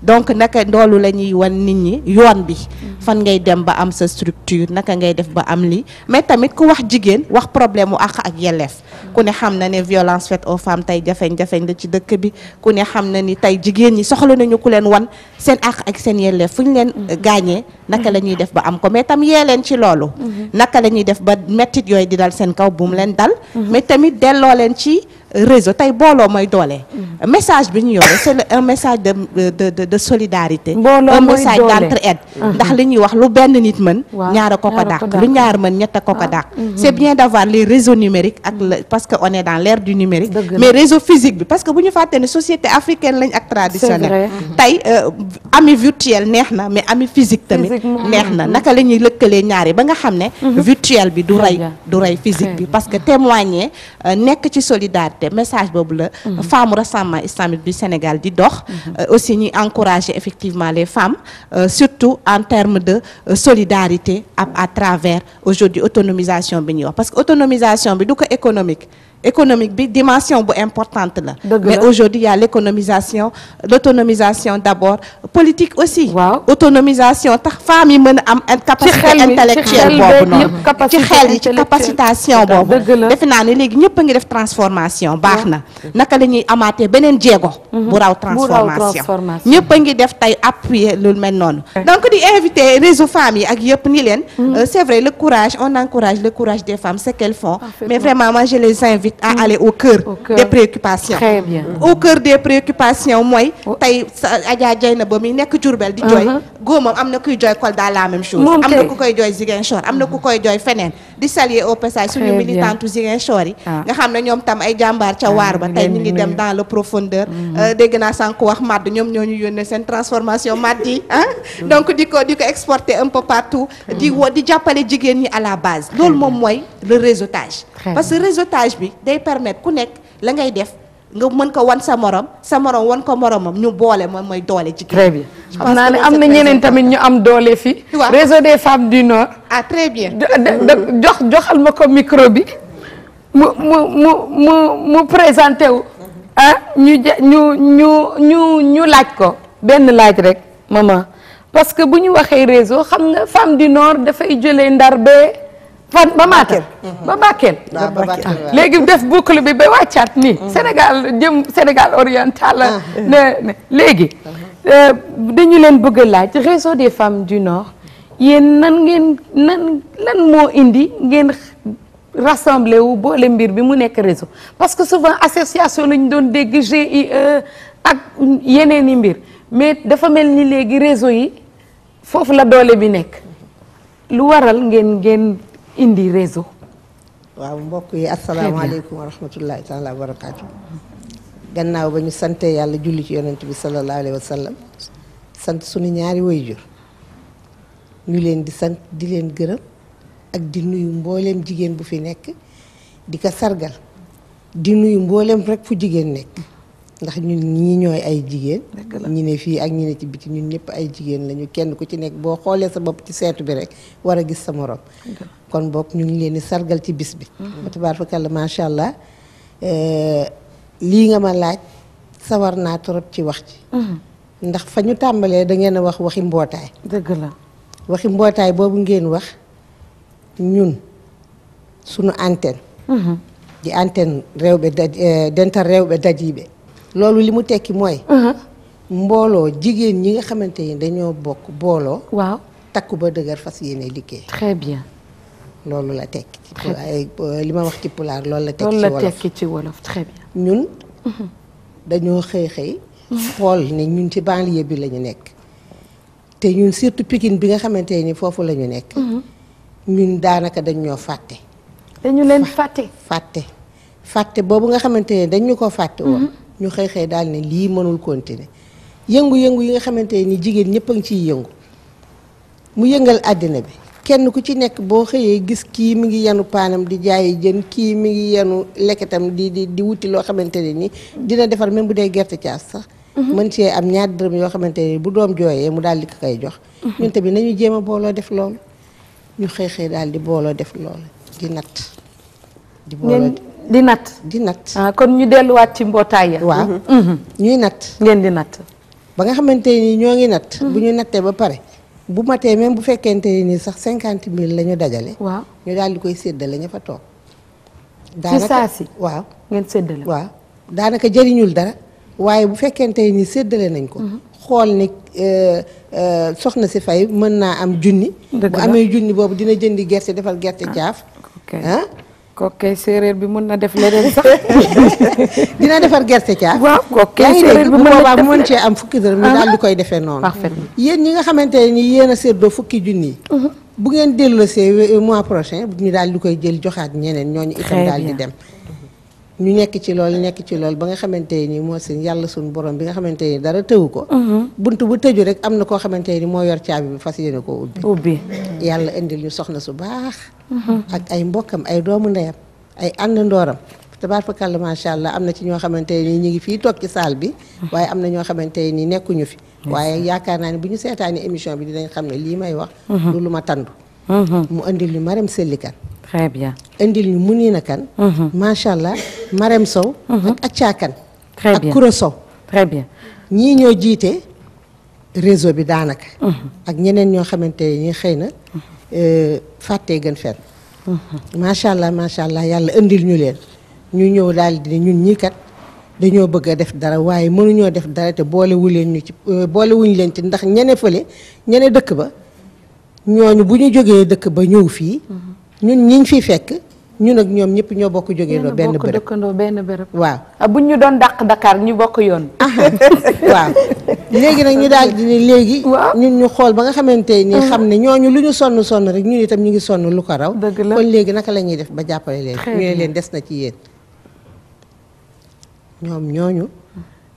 donc naka loolu la ñuy wan nit ñi yoon bi mm-hmm. fan ngay dem ba am sa structure naka ngay def ba am lii mais tamit ku wax jigéen wax problème mu àq ak yelleef ku ne xam na ne violence faite aux femmes tey jafeñ-jafeñ la ci dëkk bi ku ne xam na ni tey jigéen ñi soxla nañu ku leen wan seen àq ak seen yelleef fu ñu leen gaañee naka la ñuy def ba am ko mais tam yee leen ci loolu mhm. naka la ñuy def ba mettit yooyu di dal seen kaw bu mu leen dal mhm. mais tamit delloo leen ci réseau tey booloo mooy doole mhm. message bi ñu yore c'est un message de de de, de solidarité booloo un message d'entraide ndax li ñuy wax lu benn nit mën ñaar ko ko dàq lu ñaar mën a ko ko ah. dàq c'est parce que on est dans l'ère du numérique mais réseau physique bi parce que bu ñu fàtte ne société africaine lañ ak traditionnelle tay mm-hmm. euh, ami virtuel neex na mais ami physique tamit neex na mm-hmm. naka la ñuy lëkkalee ñaari ba nga xam ne mm-hmm. virtuel bi du rey du rey physique bi parce que témoigner euh, nekk ci solidarité message boobu la femme rassemblement islamique bi Sénégal di dox euh, aussi ñuy encourager effectivement les femmes surtout en termes de solidarité à à travers aujourd'hui autonomisation bi ñuy wax parce que autonomisation bi du ko économique Afrique économique bi dimension bu importante la mais aujourd'hui il y a l'économisation l'autonomisation d'abord politique aussi waaw autonomisation tax femmes yi mën a am capacité intellectuelle boobu noonu ci xel yi ci capacitation boobu defe naa ne léegi ñëpp ngi def transformation baax na naka la ñuy amaatee beneen jéego mhm. bu raw transformation ñëpp ngi def tey appuyer lu mel noonu donc di invité réseau femmes ak yëpp ni leen mhm. euh, c'est vrai le courage on encourage le courage des femmes c'est qu'elles vite à aller au cœur des préoccupations au cœur des préoccupations mooy tey Adja Dieyna ba muy nekk Diourbel di jooy uh-huh. góomam am na kuy jooy Kolda la même chose am ku koy jooy Ziguinchor am na ku koy jooy feneen di saluer au passage suñu militantu Ziguinchor yi ah. nga xam ne ñoom tam ay jàmbaar ca ah, waar ba tey ñu ngi dem dans le profondeur mm-hmm. euh, dégg naa sànq wax madd ñoom ñoo ñu yónnee seen transformation madd yi ah mm-hmm. donc di ko di ko exporter un peu partout di mm-hmm. di jàppale jigéen ñi à la base loolu moom mooy le réseautage parce que réseautage bi day permettre ku nekk la ngay def nga mën ko wan sa morom sa morom wan ko moromam ñu boole moom mooy doole ci très bi xam naa ne am na ñeneen tamit ñu am doole fii. réseau des femmes du nord. ah très bien. jox joxal ma ko micro bi mu mu mu mu mu présenté wu. ah ñu ja ñu ñu ñu ñu laaj ko benn laaj rek maman parce que bu ñu waxee réseau xam nga femme du nord dafay jëlee ndar be fan ba Bakel ba Bakel léegi def boucle bi ba wàccaat nii mm-hmm. Sénégal jëm Sénégal oriental ah. léegi mm-hmm. euh, dañu leen bëgg a laaj réseau des femme du Nord yéen nan ngeen nan lan moo indi ngeen rassemblé wu boole mbir bi mu nekk réseau parce que souvent association la doon dégg GIE ak yeneen i mbir mais dafa mel ni léegi réseau yi foofu la doole bi nekk lu waral ngeen ngeen indi réseau. waaw mbokk yi asalaamaaleykum wa rahmatullahi taala wa barakaatu. gannaaw ba ñu sante yàlla julli ci yonent bi sallallahu alayhi wa sallam sant sunu ñaari waajur ñu leen di sant di leen gërëm ak di nuyu mbooleem jigéen bu fi nekk di ko sargal di nuyu mbooleem rek fu jigéen nekk. ndax ñun ñii ñooy ay jigéen. ñi ne fii ak ñi ne ci biti ñun ñëpp ay jigéen lañu kenn ku ci nekk boo xoolee sa bopp ci seetu bi rek war a gis sa morom. kon boog ñu ngi leen di sargal ci bis bi. ba mm-hmm. tabaarkalla macha allah eh, lii nga ma laaj sawar naa trop ci wax ci mm-hmm. ndax fa ñu tàmbalee da ngeen a wax waxi mbootaay. dëgg la waxi mbootaay boobu ngeen wax ñun sunu antenne. Mm-hmm. di antenne Rewbe daj eh, dental Rewbe Dajibe. loolu li mu tekki mooy. Uh-huh. mbooloo jigéen ñi nga xamante ni dañoo bokk booloo. waaw takku ba dëgër fas yéene liggéey. très bien. loolu la tekki. ci euh, li ma wax ci pulaar loolu la. tekki ci wolof la tekki ci wolof très bien. ñun. Uh-huh. dañoo xëy xëy. Uh-huh. xool ne ñun ci banlieue bi lañu nekk. te ñun surtout Pikine bi nga xamante ni foofu la ñu nekk. ñun daanaka dañ ñoo fàtte. dañu leen fàtte. fàtte fàtte boobu nga xamante ne dañ ko fàtte woon. ñu xëy xëy daal ne lii mënul continuer yëngu-yëngu yi nga xamante ni jigéen ñëpp a ngi ciy yëngu mu yëngal àddina bi kenn ku ci nekk boo xëyee gis kii mu ngi yenu paanam di jaayi jën kii mi ngi yenu leketam di di di wuti loo xamante ne ni dina defar même bu dee gerte caas sax mhm. mën cee am ñaar dërëm yoo xamante ni bu doom jooyee mu daal di ko koy jox mhm. ñun bi nañu jéem a booloo def loolu ñu xëy xëy daal di booloo def loolu di natt di natt di natt. ah kon ñu delluwaat ci mbootaay ya. waaw mhm. Mhm. ñuy nat ngeen di natt. ba nga xamante ni ñoo ngi nat mhm. bu ñu nattee ba pare. bu matee même bu fekkente nii sax cinquante mille lañu ñu dajale. ñu daal di koy séddale ña fa toog. daanaka ci séddale. waaw daanaka jëriñul dara. waaye bu fekkente nii séddale nañ ko. xool ni euh, euh, soxna si fay mën naa am junni. bu amee junni boobu dina jëndi gerte defal gerte jaaf. Ah, ah? kooku séeréer bi mën na def leneen sax. dina defar gerte caaf. waaw kooku kay séeréer bi mën na cee am fukki dërëm ñu ah. daal di koy defee noonu. parfaitement yéen ñi nga xamante ne nii yéen a séddoo fukki junni. Mhm. bu ngeen delloosee euh, mois prochain ñi daal di koy jël joxaat ñeneen ñooñu itam daal di dem. ñu nekk ci lool nekk ci lool ba nga xamante ni moo si yàlla suñu borom bi nga xamante ni dara tëwu ko. Mhm. bunt bu tëju rek am na koo xamante ni moo yor caabi bi fas yéene koo ubbi. ubbi yàlla indil ñu soxna su baax. Mhm. ak ay mbokkam ay doomu ndeyam ay ndooram te àndandooram. tabaarkalla macha allah am na ci ñoo xamante nii ñu ngi fii toog ci saal bi. waaye am na ñoo xamante nii nekkuñu fi. waaye yaakaar naa ne bu ñu seetaani émission bi dinañ xam ne lii may wax. Mhm. lu ma tandu. mu indil ñu Marème Selli Kane très bien indil ñu Mounina Kane. Mhm. macha allah Marème Sow. Mhm. ak Atia Kane. ak Koura Sow. très ñii ñoo jiite réseau bi daanaka. Mhm. ak ñeneen ñoo xamante ñi xëy na euh, fàtte gën fenn. macha allah macha allah yàlla indil ñu leen ñu ñëw daal di ñun ñii kat dañoo bëgg a def dara waaye mënuñoo def dara te boolewu leen ñu ci euh, boolewuñu leen ci ndax ñene fële ñene dëkk ba ñooñu bu ñu jógee dëkk ba ñëw fii. ñun ñiñ fi fekk ñu ak ñoom ñëpp ñoo bokk jógeendoo benn bërëb dëkkandoo benn bërëb waaw ah, buñ ñu doon dàq Dakar ñu bokk yoon waaw léegi nag ñu daal di léegi ñun ñu xool ba nga xamante ni ah. xam ne ñooñu lu ñu sonn sonn rek ñun itam ñu ngi sonn lu ko raw kon léegi naka lañuy def ba jàppale leen ñu ne leen des na ci yéen ñoom ñooñu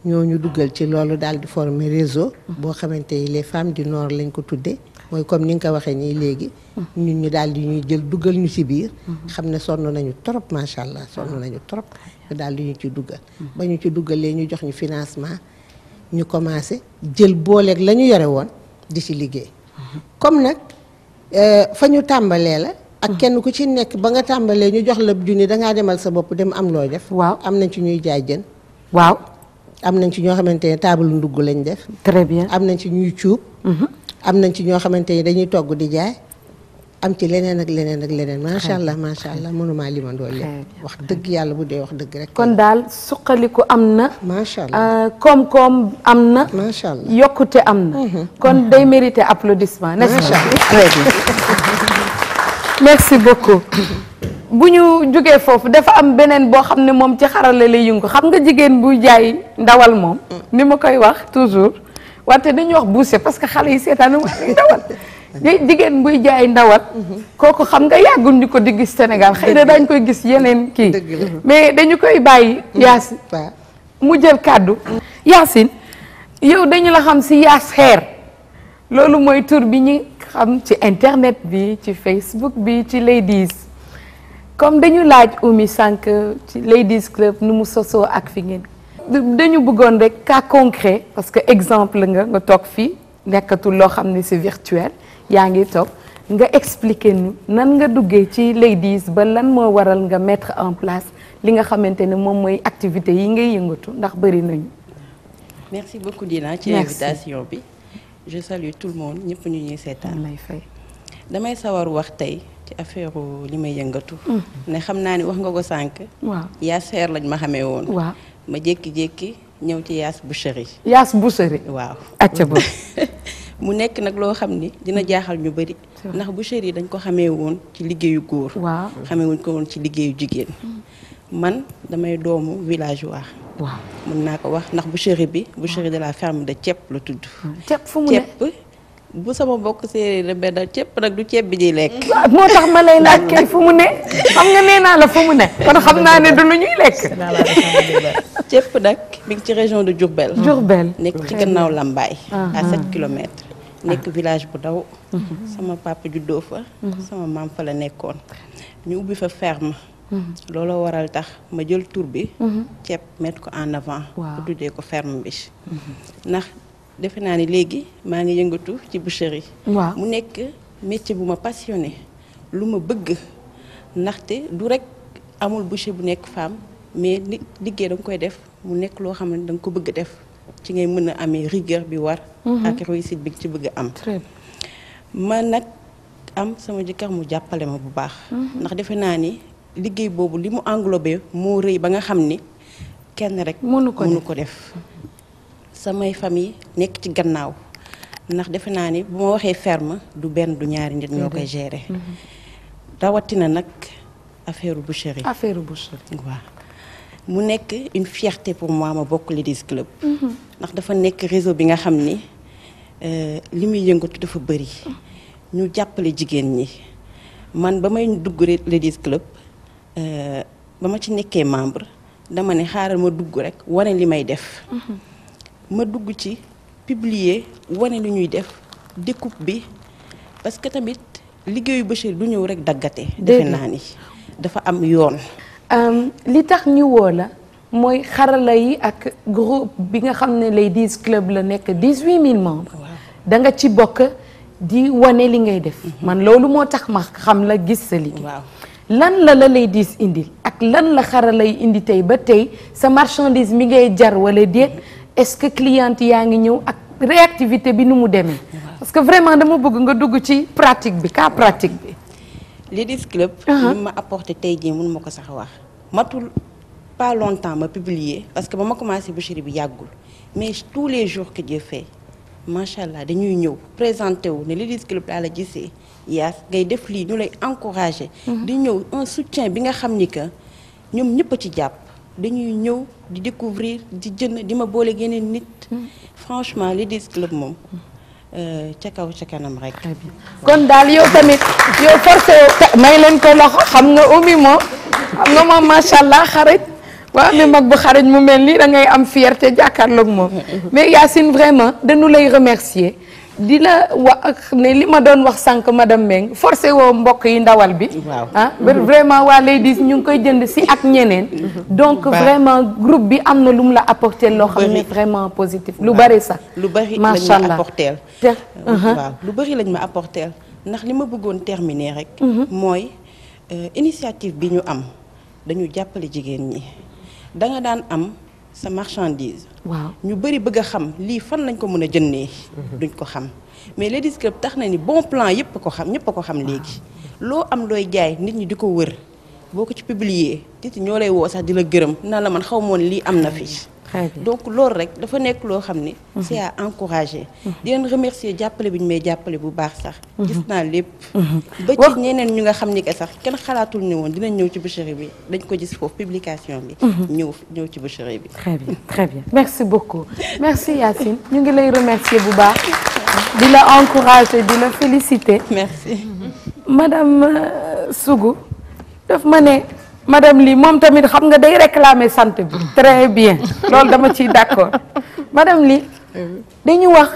ñooñu duggal ci loolu daal di former réseau boo xamante ni les femmes du Nord lañ ko tuddee mooy comme ni nga ko waxee nii léegi. ñun ñu daal di ñuy jël dugal ñu ci biir. xam ne sonn nañu trop macha allah sonn nañu trop. ñu daal di ñu ci dugal. ba ñu ci duggalee ñu jox ñu financement ñu commencé jël booleeg la ñu yore woon di ci liggéey. comme nag euh, fa ñu tàmbalee la. ak kenn ku ci nekk ba nga tàmbalee ñu jox la junni dangaa demal sa bopp dem am looy def. waaw am nañ ci ñuy jaay jën. waaw am nañ ci ñoo xamante ne taabalu ndugg lañ def. très am nañ ci ñuy cuub. Mhm. am nañ ci ñoo xamante ni dañuy togg di jaay am ci leneen ak leneen ak leneen macha allah macha allah mënumaa limandoo lépp wax dëgg yàlla bu dee wax dëgg rek. kon daal suqaliku am na. macha allah euh, koom-koom am na. macha allah yokkute am na. Mhm. kon mhm. day mérité applaudissement. macha allah merci beaucoup. bu ñu jógee foofu dafa am beneen boo xam ne moom ci xarala lay yëngu xam nga jigéen buy jaay ndawal moom. Mm. ni ma koy wax toujours. wante dañuy wax boucher parce que xale yi seetaanu ndawal jigéen muy jaay ndawal kooku xam nga yàggul ñu ko di Sénégal xëy na dañ koy gis yeneen kii mais dañu koy bàyyi mm-hmm. Yaasin mu jël kàddu Yaasin yow dañu la xam si Yaas Xeer loolu mooy tur bi ñu xam ci internet bi ci Facebook bi ci ladies comme dañu laaj Oumy sànq ci ladies club nu mu sosoo ak fi ngeen dañu bëggoon rek cas concret parce que exemple nga nga toog fii nekkatul loo xam ne c'est virtuel yaa ngi toog nga expliquer nu nan nga duggee ci ladies ba lan moo waral nga mettre en place li nga xamante ne moom mooy activité yi ngay yëngatu ndax bëri nañu. merci beaucoup Dina ci invitation bi. je salue tout le monde ñëpp ñu ñuy seetaan. may fay damay sawar wax tey ci affaire li may yëngatu. Mm. ne xam naa ni wax nga ko sànq. waaw yaa seer lañ ma xamee woon. waaw ma jékki-jékki ñëw ci yaas boucherie. yaas boucherie. waaw acca boobu. mu nekk nag loo xam ni dina jaaxal ñu bëri. ndax boucherie yi dañ ko xamee woon ci liggéeyu góor. waaw xamee wuñ ko woon ci liggéeyu jigéen. Mm. man damay doomu villageois. waa mën naa ko wax ndax bu boucherie bi. boucherie de la ferme de ceeb la tudd. ceeb fu mu ne bu sama bokk séeréer la benn ceeb du ceeb bi ñuy lekk. Ah, moo tax ma lay laaj kay fu mu ne xam nga nee naa la fu mu ne kon xam naa ne du lu ñuy lekk. ceeb nag mi ci région de Diourbel. Diourbel nekk ci gannaaw Lambaye. Ah, à 7 ah. kilomètres. nekk village bu ndaw. Mhm. sama papa juddoo fa. Mhm. sama maam fa la nekkoon. ñu ubbi fa ferme. Mhm. looloo waral tax ma jël tur bi. ceeb mettre ko en avant. waaw tuddee ko ferme bi. ndax defe naa ni léegi maa ngi yëngatu ci boucherie. waaw mu nekk métier bu ma passionné lu ma bëgg ndaxte du rekk amul boucher bu nekk femme mais li liggéey da koy def mu nekk loo xam ne da ko bëgg def ci ngay mën a amee rigueur bi war. Mhm. ak réussite bi ci bëgg am. ma nag am sama jëkkër mu jàppale ma bu baax. Mhm. ndax defe naa ni liggéey boobu li mu englobé moo rëy ba nga xam ni kenn rek. mënu ko def. samay famille nekk ci gannaaw ndax defe naa ni bu ma waxee ferme du benn du ñaari nit ñoo koy mhm. gérer. Mhm. rawatina nag affaire boucherie. affaire boucherie waaw. mu nekk une fierté pour moi ma bokk Ladies Club. Mhm. ndax dafa nekk réseau bi nga xam ni euh, li muy yëngatu dafa bëri. ñu jàppale jigéen ñi man ba may dugg Ladies Club euh, ba ma ci nekkee membre dama ne xaaral ma dugg rek wane li may def. ma dugg ci publier wane lu ñuy def découpe bi parce que tamit liggéeyu ba Bachir du ñëw rek daggate. defe naa ni dafa am yoon. Euh, li tax ñu woo la mooy xarala yi ak groupe bi nga xam ne les dix club la nekk dix huit mille membres. da nga ci bokk di wane li ngay def. Mhm. man loolu moo tax ma xam la gis sa liggéey. lan la la lay diis indil ak lan la xarala yi indi tey ba tey sa marchandise mi ngay jar wala déet. Mhm. est-ce que cliente yaa ngi ñëw ak réactivité bi nu mu demee. parce que vraiment dama bëgg nga dugg ci pratique bi cas pratique bi. Ladies Club. Uh-huh. li ma apporté tey jii mun ma ko sax wax matul pas longtemps ma publier parce que ba ma commencé boucherie bi yàggul mais tous les jours que Dieu fait macha allah dañuy ñëw présenté wu ne Ladies Club laa la gisee yaas ngay def lii ñu lay encouragé. Uh-huh. di ñëw un soutien bi nga xam ni que ñoom ñëpp a ci jàpp. dañuy ñëw di découvrir di jënd di ma boole génnee nit hmm. franchement Ladies Club moom euh, ca kaw ca kanam rek kon daal yow tamit yow forcé may leen ko loxo xam nga umi moom xam nga moom macha allah xarit waaw mais mag bu xarit mu mel nii da ngay am fierté jàkkaarloog moom mm-hmm. mais Yacine vraiment dañu lay remercier di la wax ne li ma doon wax sànq madame Mbengue forcé woo mbokk yi ndawal bi ah vraiment waa ladies ñu ngi koy jënd si ak ñeneen mm-hmm. donc vraiment groupe bi am na lu mu la apporté loo xam ne vraiment positif lu bari sax lu bari macha allah apporteel uh-huh. waaw lu bari lañ ma apporteel ndax li ma bëggoon terminer rek mm-hmm. mooy euh, initiative bi ñu am dañu jàppale jigéen ñi da daan am sa marchandise waaw ñu bëri bëgg a xam lii fan lañ ko mën a jëndee. Mhm. duñ ko xam mais Ladies Club tax na ni bon plan yëpp ko xam ñëpp a ko xam ah. léegi. loo am looy jaay nit ñi di ko wër boo ko ci publier nit ñoo lay woo sax di la gërëm naa la man xaw moon lii am na fi. donc loolu rek dafa nekk loo xam ni. Mhm. c'est à encourager. Mhm. di leen remercier jàppale bi ñu may jàppale bu baax sax. Mhm. gis naa lépp. ba ci ñeneen ñu nga xam ni que sax kenn xalaatul ne woon dinañ ñëw ci boucherie bi dañ ko gis foofu publication bi. ñëw ñëw ci boucherie bi. très bien très bien merci beaucoup merci Yacine ñu ngi lay remercier bu baax di la encourager di la féliciter. merci. madame euh, Sougou daf ma ne. madame lii moom tamit xam nga day réclamer santé bi. très bien lool dama ciy d'accord madame lii dañu wax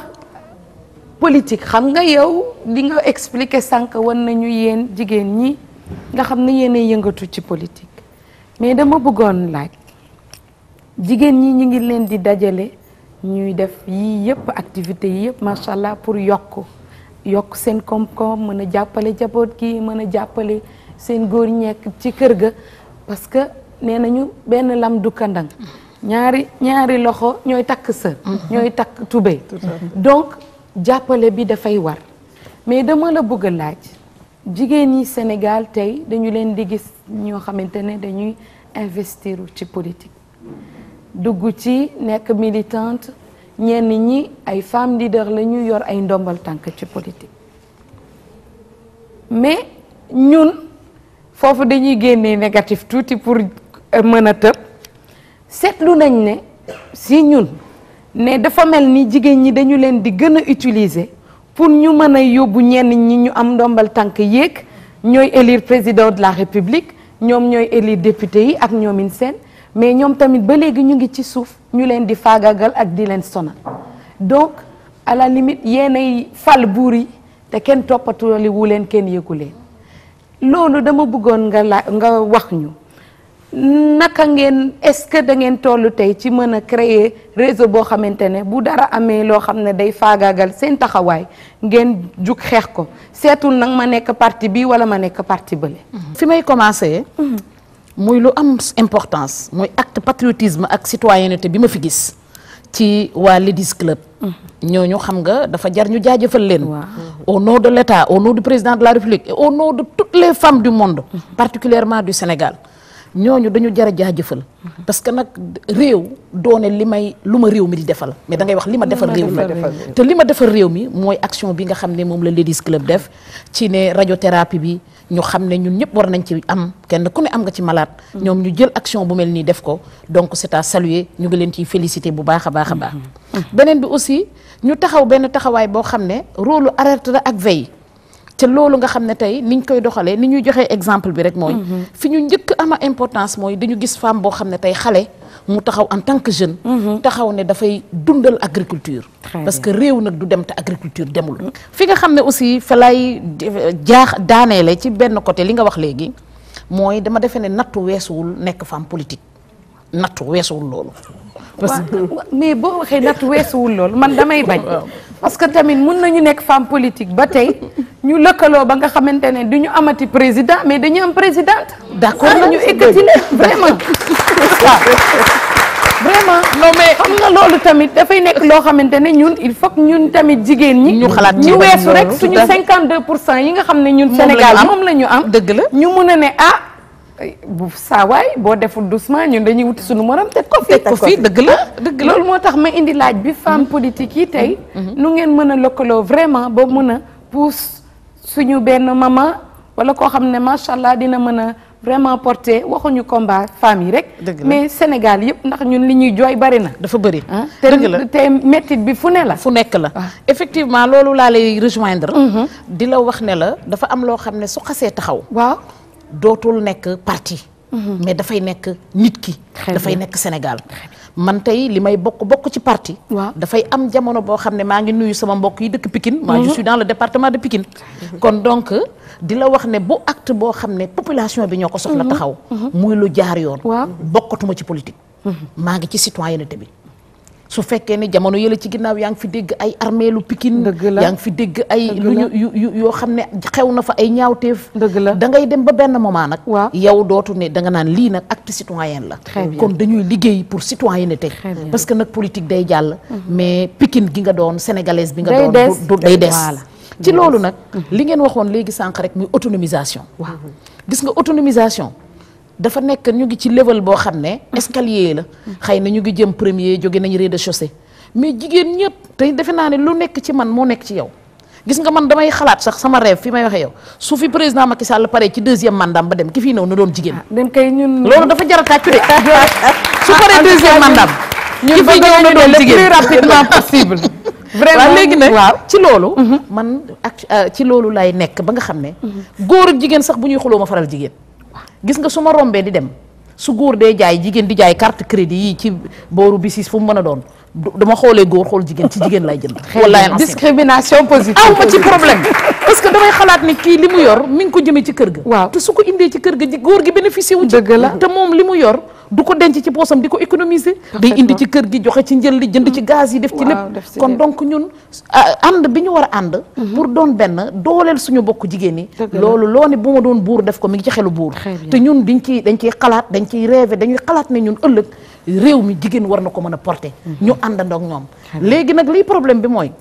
politique xam nga yow li nga expliquer sànq wan nañu yéen jigéen ñi nga xam ne yéen yëngatu ci politique mais dama buggoon laaj jigéen ñi ñu ngi leen di dajale ñuy def yii yëpp activités yi yëpp macha allah pour yokk yokk seen koom-koom mën a jàppale jaboot gi mën a jàppale. seen góor ñekk ci kër ga parce que nee nañu benn lam du kandang ñaari ñaari loxo ñooy takk sër ñooy takk tubéy donc jàppale bi dafay war mais dama la bëgg laaj jigéen ñi Sénégal tey dañu leen di gis ñoo xamante ne dañuy investir ci politik dugg ci nekk militante ñenn ñi ay femme leader la ñu yor ay ndombal tànk ci politik mais ñun foofu dañuy génnee négatif tuuti pour euh, mën a tëb seetlu nañ ne si ñun ne dafa mel ni jigéen ñi dañu leen di gën a utiliser pour ñu mën a yóbbu ñenn ñi ñu am ndombal tànk yéeg ñooy élire président de la république ñoom ñooy élire député yi ak ñoomin seen mais ñoom tamit ba léegi ñu ngi ci suuf ñu leen di faagagal ak di leen sonal donc à la limite yéenay fal buur yi te kenn toppatoo li wu leen kenn yëgu leen loolu dama bëggoon nga la nga wax ñu naka ngeen est-ce que da ngeen toll tey ci mën a créer réseau boo xamante ne bu dara amee loo xam ne day faagaagal seen taxawaay ngeen jug xeex ko seetul nag ma nekk parti bi wala ma nekk parti bële. fi may commencer. Mhm. muy lu am importance muy acte patriotisme ak citoyenneté bi ma fi gis. ci waa Ladies Club. ñooñu xam nga dafa jar ñu jaajëfal leen. au nom de l' état au nom du président de la république et au nom de toutes les femmes du monde. particulièrement du Sénégal. ñooñu dañu jar a jaajëfal. parce que nag réew doone li may lu ma réew mi di defal mais dangay wax li ma defal réew mi te li ma defal réew mi mooy action bi nga xam ne moom la Ladies Club def ci ne radiothérapie bi. ñu xam ne ñun ñëpp war nañ ci am kenn ku ne am nga ci malaat mm-hmm. ñoom ñu jël action bu mel nii def ko donc c'est à saluer ñu ngi leen ciy féliciter bu baax a baax a mm-hmm. Mm-hmm. beneen bi aussi ñu taxaw benn taxawaay boo xam ne rôle alerte la ak veille. te loolu nga xam ne tey niñ koy doxalee ni ñuy joxee exemple bi rek mooy. fi ñu njëkk ama importance mooy dañu gis femme boo xam ne tey xale. mu taxaw en tant que jeune. Mhm. taxaw ne dafay dundal agriculture. parce que réew nag du dem te agriculture demul. Mhm. fi nga xam ne aussi fa lay euh, jaax daaneele ci benn côté li nga wax léegi mooy dama defe ne nattu weesuwul nekk femme politique nattu weesuwul loolu. parce mais boo waxee nattu weesuwul loolu man damay bañ. parce que tamit mun nañu nekk femme politique ba tey ñu lëkkaloo ba nga xamante ne du ñu amati président mais dañu am présidente. d'accord ñu ekkati leen vraiment. vraiment non mais xam nga loolu tamit dafay nekk loo xamante ne ñun il faut que ñun tamit jigéen ñi. ñu xalaat ñu weesu rek suñu pour cent yi nga xam ne ñun. Sénégal moom la ñu am dëgg la ñu mun a ne ah. bu saawaay boo deful doucement ñun dañuy wuti suñu morom teg ko fi teg dëgg la dëgg la loolu moo tax ma indi laaj bi femme mm-hmm. politique yi tey mm-hmm. Mm-hmm. nu ngeen mën a lëkkaloo vraiment ba mën a pousse suñu benn mama wala koo xam ne macha allah dina mën a vraiment porté waxuñu combat femme yi rek. mais Sénégal yëpp ndax ñun li ñuy jooy bari na. dafa bëri ah, dëgg la te métit bi fu ne la. fu nekk la ah. effectivement loolu laa lay rejoindre. di la wax ne la dafa am loo xam ne su xasee taxaw. dootul nekk parti mhm. mais dafay nekk nit ki dafay nekk Sénégal man tey li may bokk bokk ci parti waaw dafay am jamono boo xam ne maa ngi nuyu sama mbokk yi dëkk pikin maa je mhm. suis dans le département de Pikine mhm. kon donc di la wax ne bu acte boo xam ne population bi ñoo ko soxla taxaw muy lu jaar yoon bokkatuma ci politique maa ngi ci citoyenneté bi su fekkee ne jamono yële ci ginnaaw yaa ngi fi dégg ay armeelu Pikine yaa ngi fi dégg ay lu ñu yoo xam ne xew na fa ay ñaawteef dëgg la da ngay dem ba benn moment nag waaw yow dootu ne da nga naan lii nag acte citoyen la kon dañuy liggéey pour citoyenneté parce que nag politique day jàll mhm. mais Pikine gi nga doon sénégalaise bi nga doon du day des ci loolu nag mhm. li ngeen waxoon léegi sànq rek muy autonomisation gis nga autonomisation dafa nekk ñu ngi ci level boo xam ne escalier la xëy na ñu ngi jëm premier jóge nañu rez-de-chaussée mais jigéen ñëpp te defe naa ne lu nekk ci man moo nekk ci yow gis nga man damay xalaat sax sama rêve fi may waxee yow su fi président Macky Sall pare ci deuxième mandat ba dem ki fi ñëw na doon jigéen ah, dañ koy ñun loolu dafa jar a tàccu de su ah, ba na doon jigéen le plus rapidement possible vraiment waaw léegi nag ci loolu mhm. man ak euh, ci loolu lay nekk ba nga xam ne mhm. góor ak jigéen sax bu ñuy xuloo ma faral jigéen gis nga su ma rombee di dem su góor dee jaay jigéen di jaay carte crédit yi ci booru bisis fu mu mën a doon dama xoolee góor xool jigéen ci jigéen lay jënd. wallaahi discrimination positive. aw ma ci problème parce que damay xalaat ni kii li mu yor mi ngi ko jëmee ci kër ga. waaw te su ko indee ci kër ga góor gi bénéficié wu ci. la te moom li mu yor. du ko denc ci poosam di ko économiser day indi ci kër gi joxe ci njël li jënd ci mm-hmm. gaz yi def ci lépp kon donc ñun ànd bi ñu war a ànd mm-hmm. pour doon benn dooleel suñu bokk jigéen yi loolu loo ne bu ma doon buur def ko mi ngi ci xelu buur te ñun dañ ciy dañ ciy xalaat dañ ciy rêver dañuy xalaat ne ñun ëllëg réew mi jigéen war na ko mën a porter mm-hmm. ñu àndandoo ak ñoom léegi nag lii problème bi mooy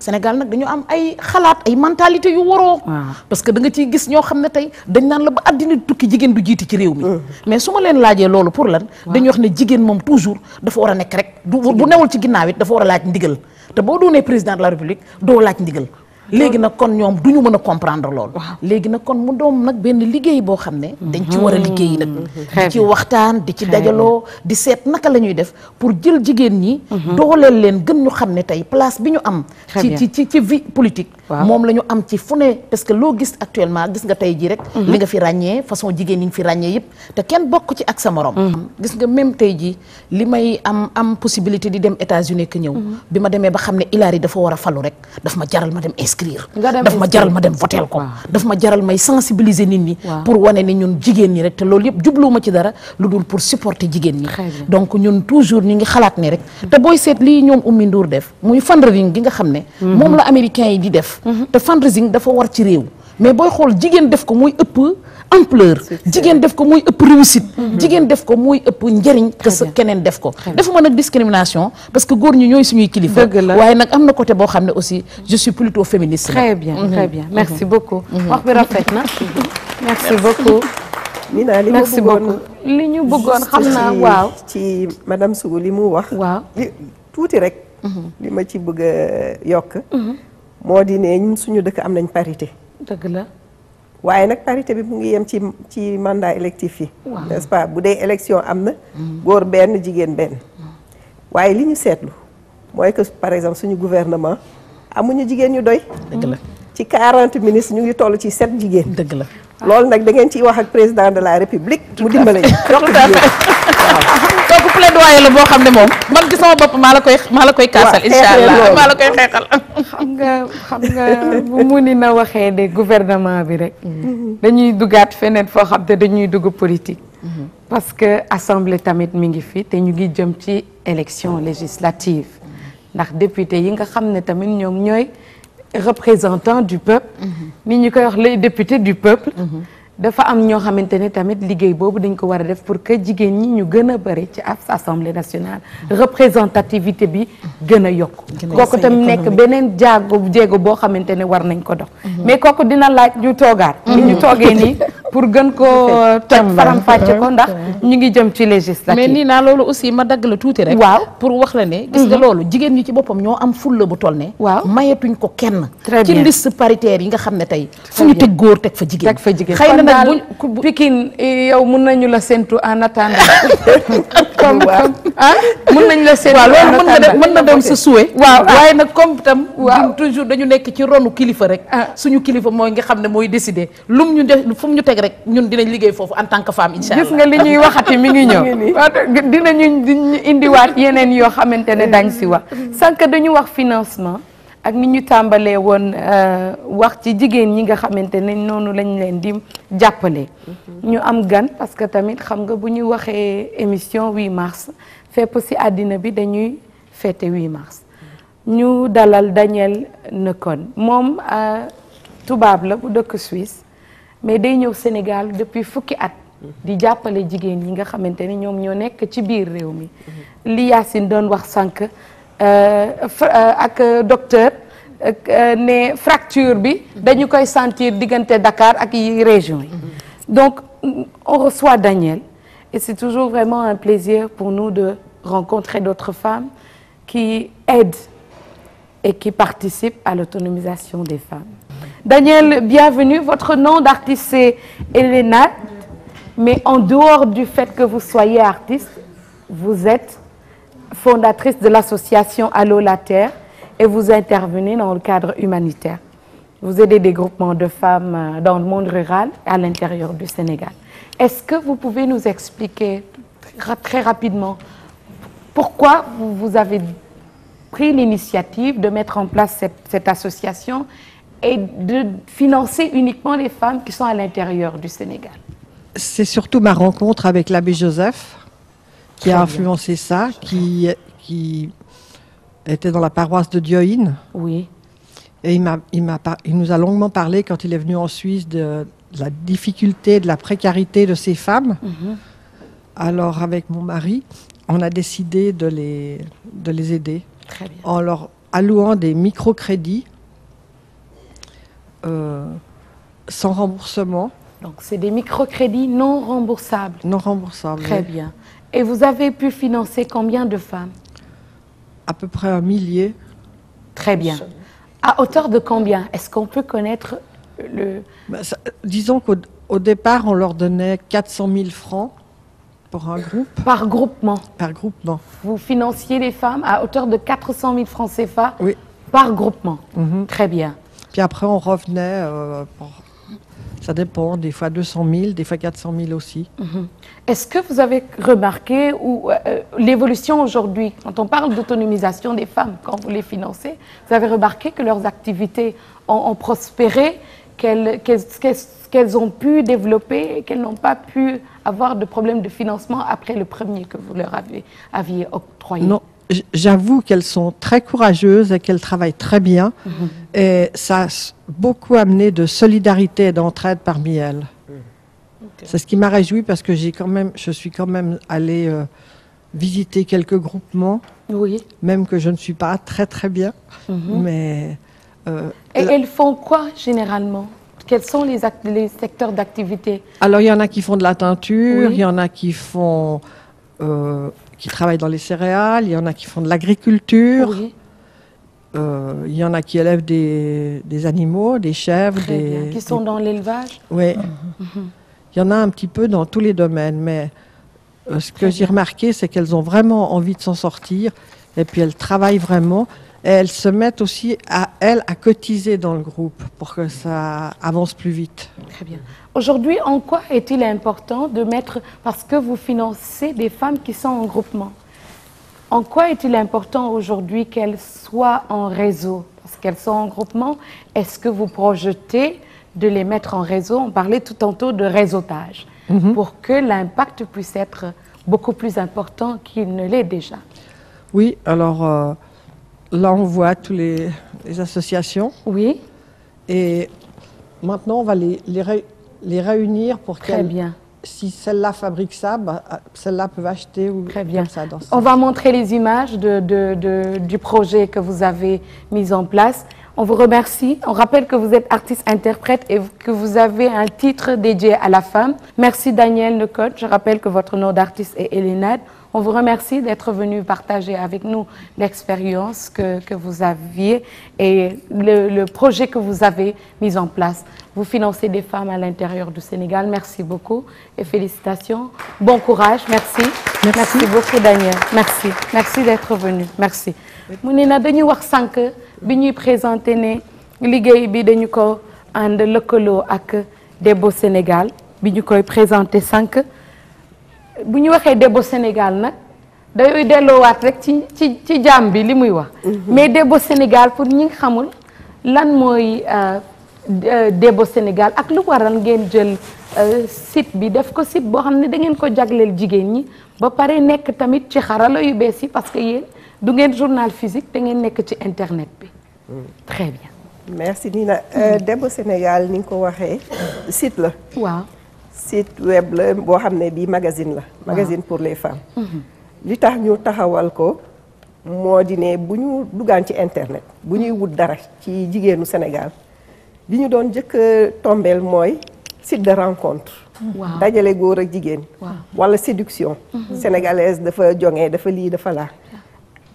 Sénégal nag dañu am ay xalaat ay mentalité yu waroo parce que da nga ciy gis ñoo xam ne tey dañ naan la ba àddina tukki jigéen du jiiti ci réew mi euh. mais su ma leen laajee loolu pour lan dañuy wax ne jigéen moom toujours dafa war a nekk rek du bu newul ci ginnaaw it dafa war a laaj ndigal te boo doonee président de la république doo laaj ndigal léegi nag kon ñoom du ñu mën a comprendre loolu léegi nag kon mu doom nag benn liggéey boo xam ne dañ ci war a mhm. liggéey nag mhm. di ci waxtaan di ci dajaloo di seet naka la ñuy def pour jël jigéen ñi mhm. dooleel leen gën ñu xam ne tey place bi ñu am ci ci ci ci vie politique moom la ñu am ci fu ne parce que loo gis actuellement gis nga tey ji rek li nga fi ràññee façon jigéen ñi nga fi ràññee yëpp te kenn bokk ci ak sa moroom gis nga même tey ji li may am am possibilité di dem États-Unis que ñëw bi ma demee ba xam ne Hillary dafa war a falu rek daf ma jaral ma dem inscrire daf ma jaral ma dem voteel ko ah. daf ma jaral may sensibiliser nit ñi pour wane ni ñun jigéen ñi rek te loolu yëpp jubluwuma ci dara lu dul pour supporter jigéen ñi donc ñun toujours ñu ngi xalaat ni rek te booy seet lii ñoom Oumy Ndour def muy fundraising gi nga xam ne mhm. moom la américains yi di def mhm. te fundraising dafa war ci réew mais booy xool jigéen def ko muy ëpp ampleur jigéen def ko muy ëpp réussite mhm. jigéen def ko muy ëpp njëriñ que sa keneen def ko defuma nag discrimination parce que góor ñi ñooy suñuy kilifa waaye nag am na côté boo xam ne aussi je suis plutôt féministe très bien mhm. très bien merci mhm. beaucoup wax bi rafet na merci beaucoup Mina li ma bëggoon li ñu bëggoon xam naa waaw ci madame Sougou li mu wax waaw tuuti rek li ma ci bëgg a yokk moo di ne ñun suñu dëkk am nañ parité dëgg la waaye nag parité bi mu ngi yem ci ci mandat électif yi n'est-ce pas bu dee élection am na mm. góor benn jigéen benn mm. waaye li ñu seetlu mooy que par exemple suñu gouvernement amuñu jigéen ñu doy dëgg la ci quarante ministres ñu ngi toll ci sept jigéen dëgg la loolu nag da ngeen ciy wax ak président de la république mu dimbale ñu waaw donc plaidoyer la boo xam ne moom man ci sama bopp maa la koy maa la koy kaasal incha allah maa la koy xeexal xam nga xam nga bu mu ni na waxee de gouvernement bi rek dañuy duggaat feneen foo xam te dañuy dugg politique parce que assemblée tamit mi ngi fi te ñu ngi jëm ci élection législative ndax député yi nga xam ne tamit ñoom ñooy représentant du peuple mhm. ni ñu koy wax les députés du peuple mhm. dafa am ñoo xamante ne tamit liggéey boobu dañ ko war a def pour que jigéen ñi ñu gën a bëri ci ab assemblée nationale représentativité bi gën a yokk kooku tam nekk beneen jaago jéego boo xamante ne war nañ ko dox mhm. mais kooku dina laaj ñu toogaat mhm. ni ñu toogee nii pour gën koo toj faram fàcce ko ndax ñu ngi jëm ci législative mais nii naa loolu aussi ma dagg la tuuti rek waaw pour wax la ne gis nga mhm. loolu jigéen ñi ci boppam ñoo am fulla bu toll ne waaw mayetuñ ko kenn ci liste paritaire yi nga xam ne tey fu teg góor teg fa jigéen daal Pikine yow mun nañu la séntu en attendant. comme comme ah mun nañu la séntu. waaw loolu mën nga dem mën na dem su souhait. waaw ah. waaye nag comme tam. waaw toujours dañu nekk ci ronu kilifa rek. Ah. suñu kilifa mooy nga xam ne mooy décider lu ñu def fu mu ñu teg rek ñun dinañ liggéey foofu en tant que femme incha allah. gis nga li ñuy waxati mi ngi ñëw. ñu indiwaat yeneen yoo xamante ne dañ si wax. sànq dañu wax financement. ak ni ñu tàmbalee woon euh, wax ci jigéen ñi nga xamante ne noonu lañ leen di jàppale. Mm-hmm. ñu am gan parce que tamit xam nga bu ñu waxee émission 8 mars fépp ci àddina bi dañuy fête 8 mars. ñu dalal Daniel Nekon moom euh, tubaab la bu dëkk Suisse mais day ñëw Sénégal depuis fukki at. Mm-hmm. di jàppale jigéen ñi nga xamante ne ñoom ñoo nekk ci biir réew mi. Mm-hmm. li Yacine doon wax sànq. Euh, euh, ak euh, docteur ne fracture bi dañu koy sentir diggante Dakar ak yi région yi donc on reçoit Daniel et c'est toujours vraiment un plaisir pour nous de rencontrer d'autres femmes qui aident et qui participent à l'autonomisation des femmes. Daniel, bienvenue. Votre nom d'artiste c'est Elena, mais en dehors du fait que vous soyez artiste, vous êtes fondatrice de l'association Allô la Terre et vous intervenez dans le cadre humanitaire. Vous aidez des groupements de femmes euh, dans le monde rural et à l'intérieur du Sénégal. Est-ce que vous pouvez nous expliquer très rapidement pourquoi vous avez pris l'initiative de mettre en place cette, cette association et de financer uniquement les femmes qui sont à l'intérieur du Sénégal C'est surtout ma rencontre avec l'abbé Joseph, qui a influencé ça, qui, qui était dans la paroisse de Dioïne. Oui. Et il, m'a, il, m'a, il nous a longuement parlé quand il est venu en Suisse de, de la difficulté, de la précarité de ces femmes. Mm-hmm. Alors avec mon mari, on a décidé de les, de les aider Très bien. en leur allouant des microcrédits euh, sans remboursement. Donc c'est des microcrédits non remboursables. Non remboursables. Très oui. bien. Et vous avez pu financer combien de femmes À peu près un millier. Très bien. À hauteur de combien Est-ce qu'on peut connaître le... Bah, ça, disons qu'au départ, on leur donnait 400 000 francs pour un groupe. Par groupement Par groupement. Vous financiez les femmes à hauteur de 400 000 francs CFA oui. par groupement. Mm -hmm. Très bien. Puis après, on revenait euh, pour Ça dépend, des fois 200 000, des fois 400 000 aussi. Mm -hmm. Est-ce que vous avez remarqué ou euh, euh, l'évolution aujourd'hui, quand on parle d'autonomisation des femmes, quand vous les financez, vous avez remarqué que leurs activités ont, ont prospéré, qu'elles qu qu qu ont pu développer, qu'elles n'ont pas pu avoir de problème de financement après le premier que vous leur aviez, aviez octroyé Non, j'avoue qu'elles sont très courageuses et qu'elles travaillent très bien. Mm -hmm. Et ça a beaucoup amené de solidarité et d'entraide parmi elles. Mm. Okay. C'est ce qui m'a réjoui parce que j'ai quand même, je suis quand même allée euh, visiter quelques groupements. Oui. Même que je ne suis pas très très bien. Mm -hmm. Mais. Euh, et là... elles font quoi généralement quels sont les, les secteurs d'activité Alors, il y en a qui font de la teinture, oui. il y en a qui font euh, qui travaillent dans les céréales, il y en a qui font de l'agriculture, oui. euh, il y en a qui élèvent des, des animaux, des chèvres. Très des, bien. Qui sont des... dans l'élevage Oui. Mm -hmm. Il y en a un petit peu dans tous les domaines, mais euh, ce Très que j'ai remarqué, c'est qu'elles ont vraiment envie de s'en sortir et puis elles travaillent vraiment. Et elles se mettent aussi à elles à cotiser dans le groupe pour que ça avance plus vite. Très bien. Aujourd'hui, en quoi est-il important de mettre, parce que vous financez des femmes qui sont en groupement, en quoi est-il important aujourd'hui qu'elles soient en réseau Parce qu'elles sont en groupement, est-ce que vous projetez de les mettre en réseau On parlait tout tantôt de réseautage, mm -hmm. pour que l'impact puisse être beaucoup plus important qu'il ne l'est déjà. Oui, alors... Euh là, on voit toutes les, les associations. Oui. Et maintenant, on va les, les, ré, les réunir pour Très bien. Si celle-là fabrique ça, bah, celle-là peut acheter ou Très bien. Comme ça. Dans on va montrer les images de, de, de, du projet que vous avez mis en place. On vous remercie. On rappelle que vous êtes artiste-interprète et que vous avez un titre dédié à la femme. Merci Daniel Lecote. Je rappelle que votre nom d'artiste est Elénade. On vous remercie d'être venu partager avec nous l'expérience que, que vous le, le projet que avez mis en place. Vous financez des femmes à l'intérieur du Sénégal. Merci beaucoup et félicitations. Bon courage. Merci. Merci, merci beaucoup Daniel. Merci. Merci d'être venu. Merci. mu ne na dañuy wax sànq bi ñuy présenté ne liggéey bi dañu ko ànd lëkkaloo ak Debout Sénégal bi ñu koy présenté sànq. bu ñu waxee Debbo Sénégal nag day delloowaat rek ci ci ci jaam bi li muy wax. Mhm. mais Debbo Sénégal pour ñi xamul lan mooy euh, euh, Debbo Sénégal ak lu waral ngeen jël euh, site bi def ko site boo xam ne da ngeen ko jagleel jigéen ñi ba pare nekk tamit ci xarala yu bees yi parce que yéen du ngeen journal physique da ngeen nekk ci internet bi. Mm. très bien. merci Nina. Mm. Debbo Sénégal ni nga ko waxee site la waaw. site web la boo xam ne bii magazine la magasine pour les femmes li tax ñu taxawal ko moo di ne bu ñu duggaan ci internet bu ñuy wut dara ci jigéenu Sénégal li ñu doon jëkk tombeel mooy site de rencontre dajale góor ak jigéen wala séduction mhm. sénégalaise dafa joŋee dafa lii dafa laa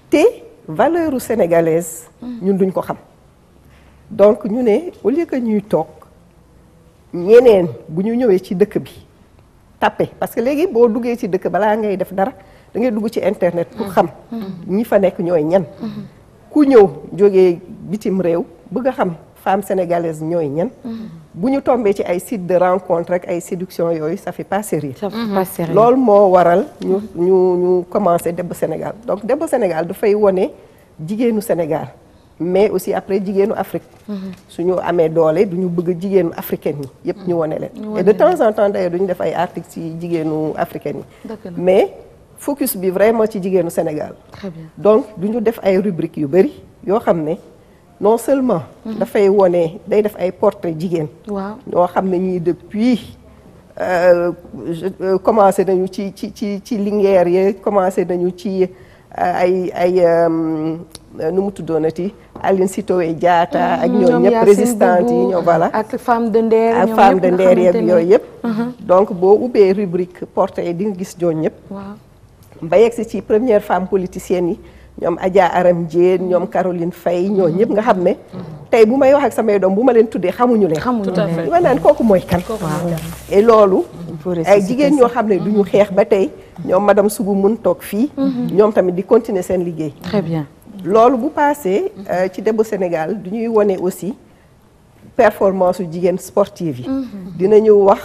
te valeur sénégalaise mhm. ñun duñ ko xam donc ñu ne au lieu que ñuy toog yeneen bu ñu ñëwee ci dëkk bi tapé parce que léegi boo duggee ci dëkk balaa ngay def dara da ngay dugg ci internet pour xam ñi fa nekk ñooy ñan ku ñëw jógee bitim réew bëgg a xam femmes sénégalaises ñooy ñan bu ñu tombee ci ay sites de rencontre ay séduction yooyu ça fait pas sérieux loolu moo waral ñu ñu ñu commencé Debbo Sénégal donc Debbo Sénégal dafay wone jigéenu Sénégal mais aussi après jigéenu Afrique. ñu amee doole du ñu bëgg jigéenu africaine yi yëpp ñu wone leen. et de temps en temps d'ailleurs duñu def ay articles ci jigéenu africaine yi. mais focus bi vraiment ci jigéenu Sénégal. donc du ñu def ay rubriques yu bëri yoo xam ne non seulement. Mm-hmm. dafay wone day def ay portraits jigéen. waaw ñoo xam ne ñii depuis. Euh, euh, commencé nañu ci ci ci ci Linguère yi commencé nañu ci euh, ay ay. Euh, nu mu tuddoonati Aline Sitoé jaata ak ñoom ñëpp résistante yi ñoom voilà. ak femme de Nder ak femme de yooyu yëpp. Uh-huh. donc boo ubbee rubrique portrait di nga gis joon ñëpp. waaw ba yegg si ci première femme politicienne yi ñoom Adja Aram Diène ñoom uh-huh. Caroline Faye ñoo uh-huh. ñëpp nga xam ne. tey bu may wax ak samay doom bu ma leen tuddee xamuñu leen. xamuñu leen ma naan kooku mooy kan. et loolu. ay jigéen ñoo xam ne duñu xeex ba tey. ñoom madame Sougou mun toog fii. ñoom tamit di continuer seen liggéey. très loolu bu passé euh, ci débu Sénégal du ñuy wone aussi performance yu jigéen sportive yi dina mhm. dinañu wax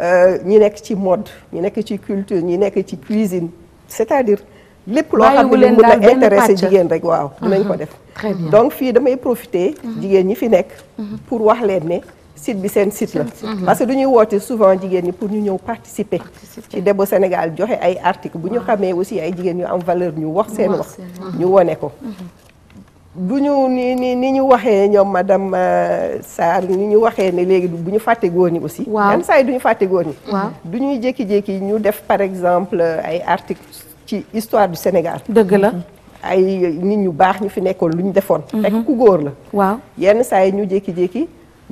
euh, ñi nekk ci mode ñi nekk ci culture ñi nekk ci cuisine c'est-à-dire lépp loo xam ne mën na intéressé jigéen rek waaw dinañ ko mhm. def donc fii damay profiter mhm. jigéen ñi fi nekk pour wax leen ne site bi seen site la parce que du ñuy woote souvent jigéen ñi pour ñu ñëw participer ci Debo Sénégal joxe ay article bu ñu xamee aussi ay jigéen ñu am valeur ñu wax seen wax ñu wone ko du mhm. ñu ni ni ni ñu waxee ñoom madame euh, Sarr ni ñu waxee ne léegi bu ñu fàtte góor ñi aussi yan saa yi du ñu fàtte góor ñi du ñuy jékki-jékki ñu def par exemple euh, ay article ci histoire du Sénégal dëgg la mhm. ay nit ñu baax ñu fi nekkoon lu ñu defoon mhm. fekk ku góor la waaw yenn saa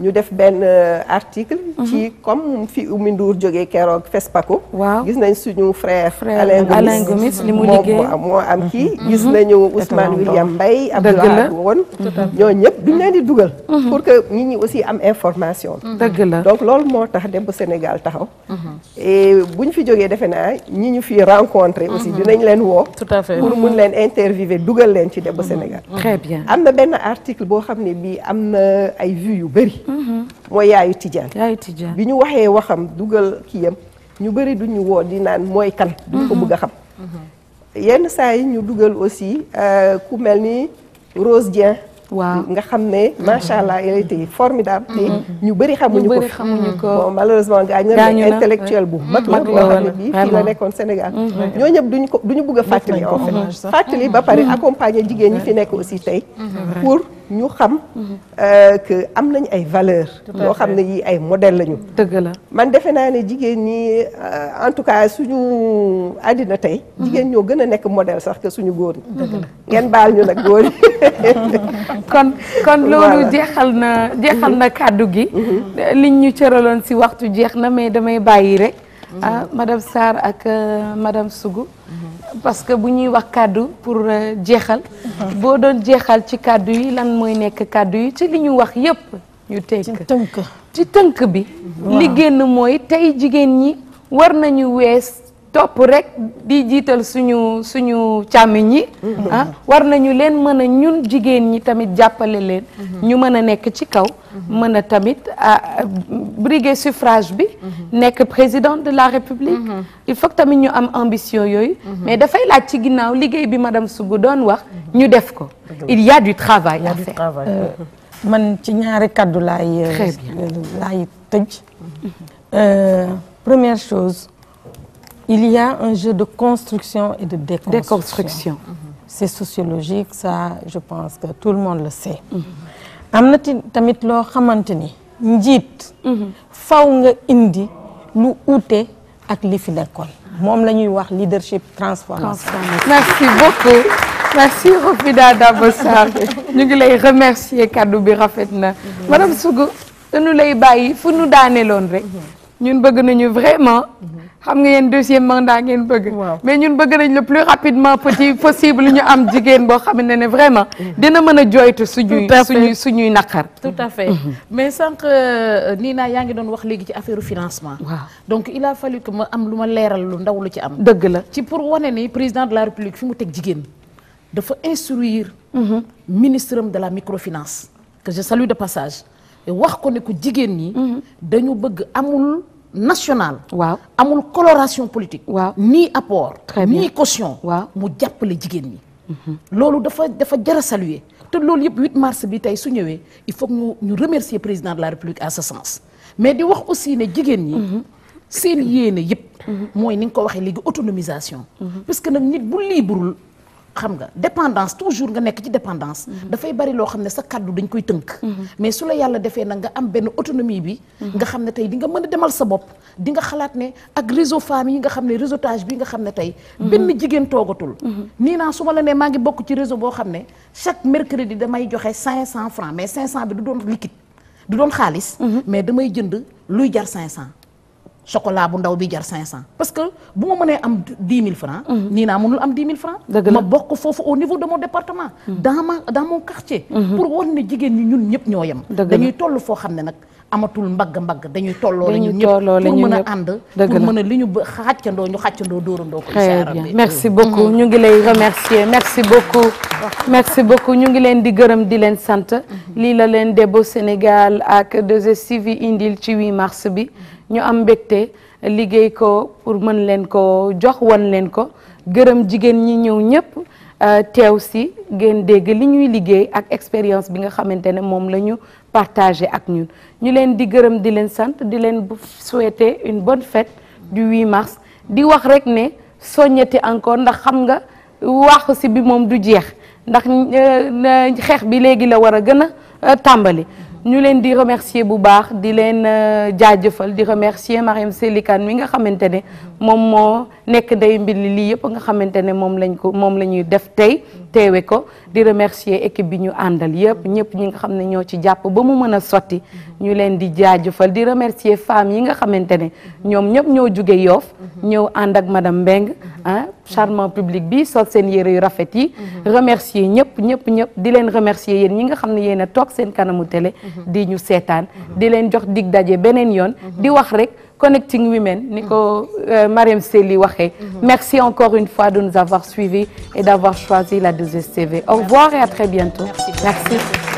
ñu def benn euh, article. Mhm. ci comme fi Oumy Ndour jóge keroog FESPACO. waaw gis nañ suñu frère. Alain Gomis li mu liggéey moo am kii. Mhm. gis mhm. nañu Ousmane William Mbaye Abdoulaye woon ñoo ñëpp duñ leen di dugal. pour que nit ñi aussi am information. dëgg la donc lool moo tax dem ba Sénégal taxaw. et buñ fi jógee defe naa ñi ñu fi rencontré aussi dinañ leen woo. tout à leen interviver dugal leen ci dem Sénégal. très am na benn article boo xam ne bii am na ay vues yu bëri. Mm-hmm. mooy yaayu tijaan yaayu tijaan bi ñu waxee waxam dugal kiyam ñu bëri duñu woo di naan mooy kan duñ ko mm-hmm. bugg a xam mm-hmm. yenn saa yi ñu dugal aussi euh, ku mel ni Rose Dieng waaw nga xam ne macha allah elle était formidable te ñu bëri xamuñu ko fi bon malheureusement gaañu na intellectuel bu ma la boo xam ne bii fii la nekkoon Sénégal ñoo ñëpp duñu ko duñu bëgg a fàttali en fait fàttali ba pare accompagner jigéen ñi fi nekk aussi tey ñu xam mhm. euh, que am nañ ay valeur yoo xam ne yi ay modèle lañu dëgg la man defe naa ne jigéen ñi euh, en tout cas suñu àddina tey mhm. jigéen ñoo gën a nekk modèle sax que suñu góor ñi ngeen baal ñu nag góor kon kon loolu jeexal na jeexal na mhm. kàddu gi liñ ñu cëraloon si waxtu jeex na mais damay bàyyi rek ah madame Sarr ak euh, madam Sougou parce que bu ñuy wax kàddu pour euh, jeexal. boo doon jeexal ci kàddu yi lan mooy nekk kàddu yi ci li ñu wax yépp ñu tekk ci tënk bi. li génn mooy tey jigéen ñi war nañu wees. topp rek di jiital suñu suñu càmmiñ yi mm-hmm. ah, war nañu leen mën a ñun jigéen ñi tamit jàppale leen mm-hmm. ñu mën a nekk ci kaw mm-hmm. mën a tamit ah, briguer suffrage bi nekk président de la république il faut tamit ñu am ambition yooyu mais dafay laaj ci ginnaaw liggéey bi madame Sougou doon wax ñu def ko il y du travail à faire euh, man ci ñaari kaddu laay euh, laay tëj euh, première chose il y un jeu de construction et de déconstruction. déconstruction. Mm-hmm. c'est sociologique ça je pense que tout le monde le sait. Mm-hmm. am na tamit loo xamante ni njiit. Mm-hmm. faw nga indi lu uute ak li fi nekkoon. moom la ñuy wax leadership transformation. merci beaucoup merci Rofida Daba Sarr ñu ngi lay remercier kàddu bi rafet na. madame Sougou dañu lay bàyyi fu nu daaneeloon rek. ñun bëgg nañu vraiment mhm. xam nga yeen deuxième mandat ngeen bëgg mais ñun bëgg nañ le plus rapidement petit possible ñu am jigéen boo xam ne vraiment mhm. dina mën a joytu su suñuy suñuy naqar tout à fait mhm. mais sànq euh, naa yaa ngi doon wax léegi ci affaire financement waaw donc ila a fallu que ma am lu ma leeral lu ndaw lu ci am dëgg la ci pour wane ni président de la république fi mu teg jigéen dafa instruire ministre de la microfinance que je salue de passage wax ko ne ko jigéen ñi. Mhm. dañu bëgg amul national. waaw amul coloration politique. waaw nii apport. nii caution. waaw mu jàppale jigéen ñi. Mhm. loolu dafa dafa jar a te loolu yëpp 8 mars bi tey su ñëwee il faut ñu ñu remercier président de la république à sa sens mais di wax aussi ne jigéen ñi. Mhm. seen yéene yëpp. mooy ni nga ko waxee léegi autonomisation. parce que nag nit bu liibrul. xam nga dépendance toujours nga nekk ci dépendance mhm. dafay bari loo xam ne sa kàddu dañ koy tënk mhm. mais su la yàlla defee nag nga am benn autonomie bi mhm. nga xam ne tey di nga mën a demal sa bopp di nga xalaat ne ak réseau femmes yi nga xam ne réseautage bi nga xam ne tey benn jigéen toogatul nii naa su ma la nee maa ngi bokk ci réseau boo xam ne chaque mercredi damay joxe cinq cent francs mais cinq cent bi du doon liquide du doon xaalis mais damay jënd luy jar cinq cent chocolat bu ndaw bi jar 500 parce que bu ma mënee am 10 000 francs mhm. nii naa mënul am 10 000 francs ma bokk foofu au niveau de mon département mhm. dans ma dans mon quartier mhm. pour wan jigéen ñi ñun ñëpp ñoo yem dañuy toll foo xam ne nag amatul mbagg-mbagg dañuy tolloo la ñu ñëpp pour mën a ànd pour mën a li ñu xàccandoo ñu xàccandoo dóorandoo ko merci beaucoup ñu ngi lay remercier merci beaucoup merci beaucoup ñu ngi leen di gërëm di leen sant lii la leen Debo Sénégal ak 2STV indil ci 8 mars bi ñu am mbégte liggéey ko pour mën leen ko jox wan leen ko gërëm jigéen ñi ñëw ñëpp euh, teew si ngeen dégg li ñuy liggéey ak expérience bi nga xamante ne moom la ñu partagé ak ñun ñu leen di gërëm di leen sant di leen souhaiter une bone fête du 8 mars di wax rek ne soññati encore ndax xam nga waxu si bi moom du jeex ndax euh, xeex bi léegi la war a gën a euh, tàmbali ñu leen di remercier bu baax di leen euh, jaajëfal di remercier Mariam Selikan mi nga xamante ne moom moo nekk day mbili lii yëpp nga xamante ne moom lañ ko moom la ñuy def tey teewe ko di remercier équipe bi ñu àndal yëpp ñëpp ñi nga xam ne ñoo ci jàpp ba mu mën a sotti ñu leen di jaajëfal di remercier femmes yi nga xamante ne ñoom ñëpp ñoo jóge Yoff ñëw ànd ak madame Mbeng ah charmant public bi sol seen yére yu rafet yi mm-hmm. remercier ñëpp ñëpp ñëpp di leen remercier yéen ñi nga xam ne yéen a toog seen kanamu télé di ñu seetaan di leen jox dig daje beneen yoon di wax rek Connecting Women ni ko euh, Mariam Sely waxee merci encore une fois de nous avoir suivis et d'avoir choisi la 2STV au revoir et à très bientôt merci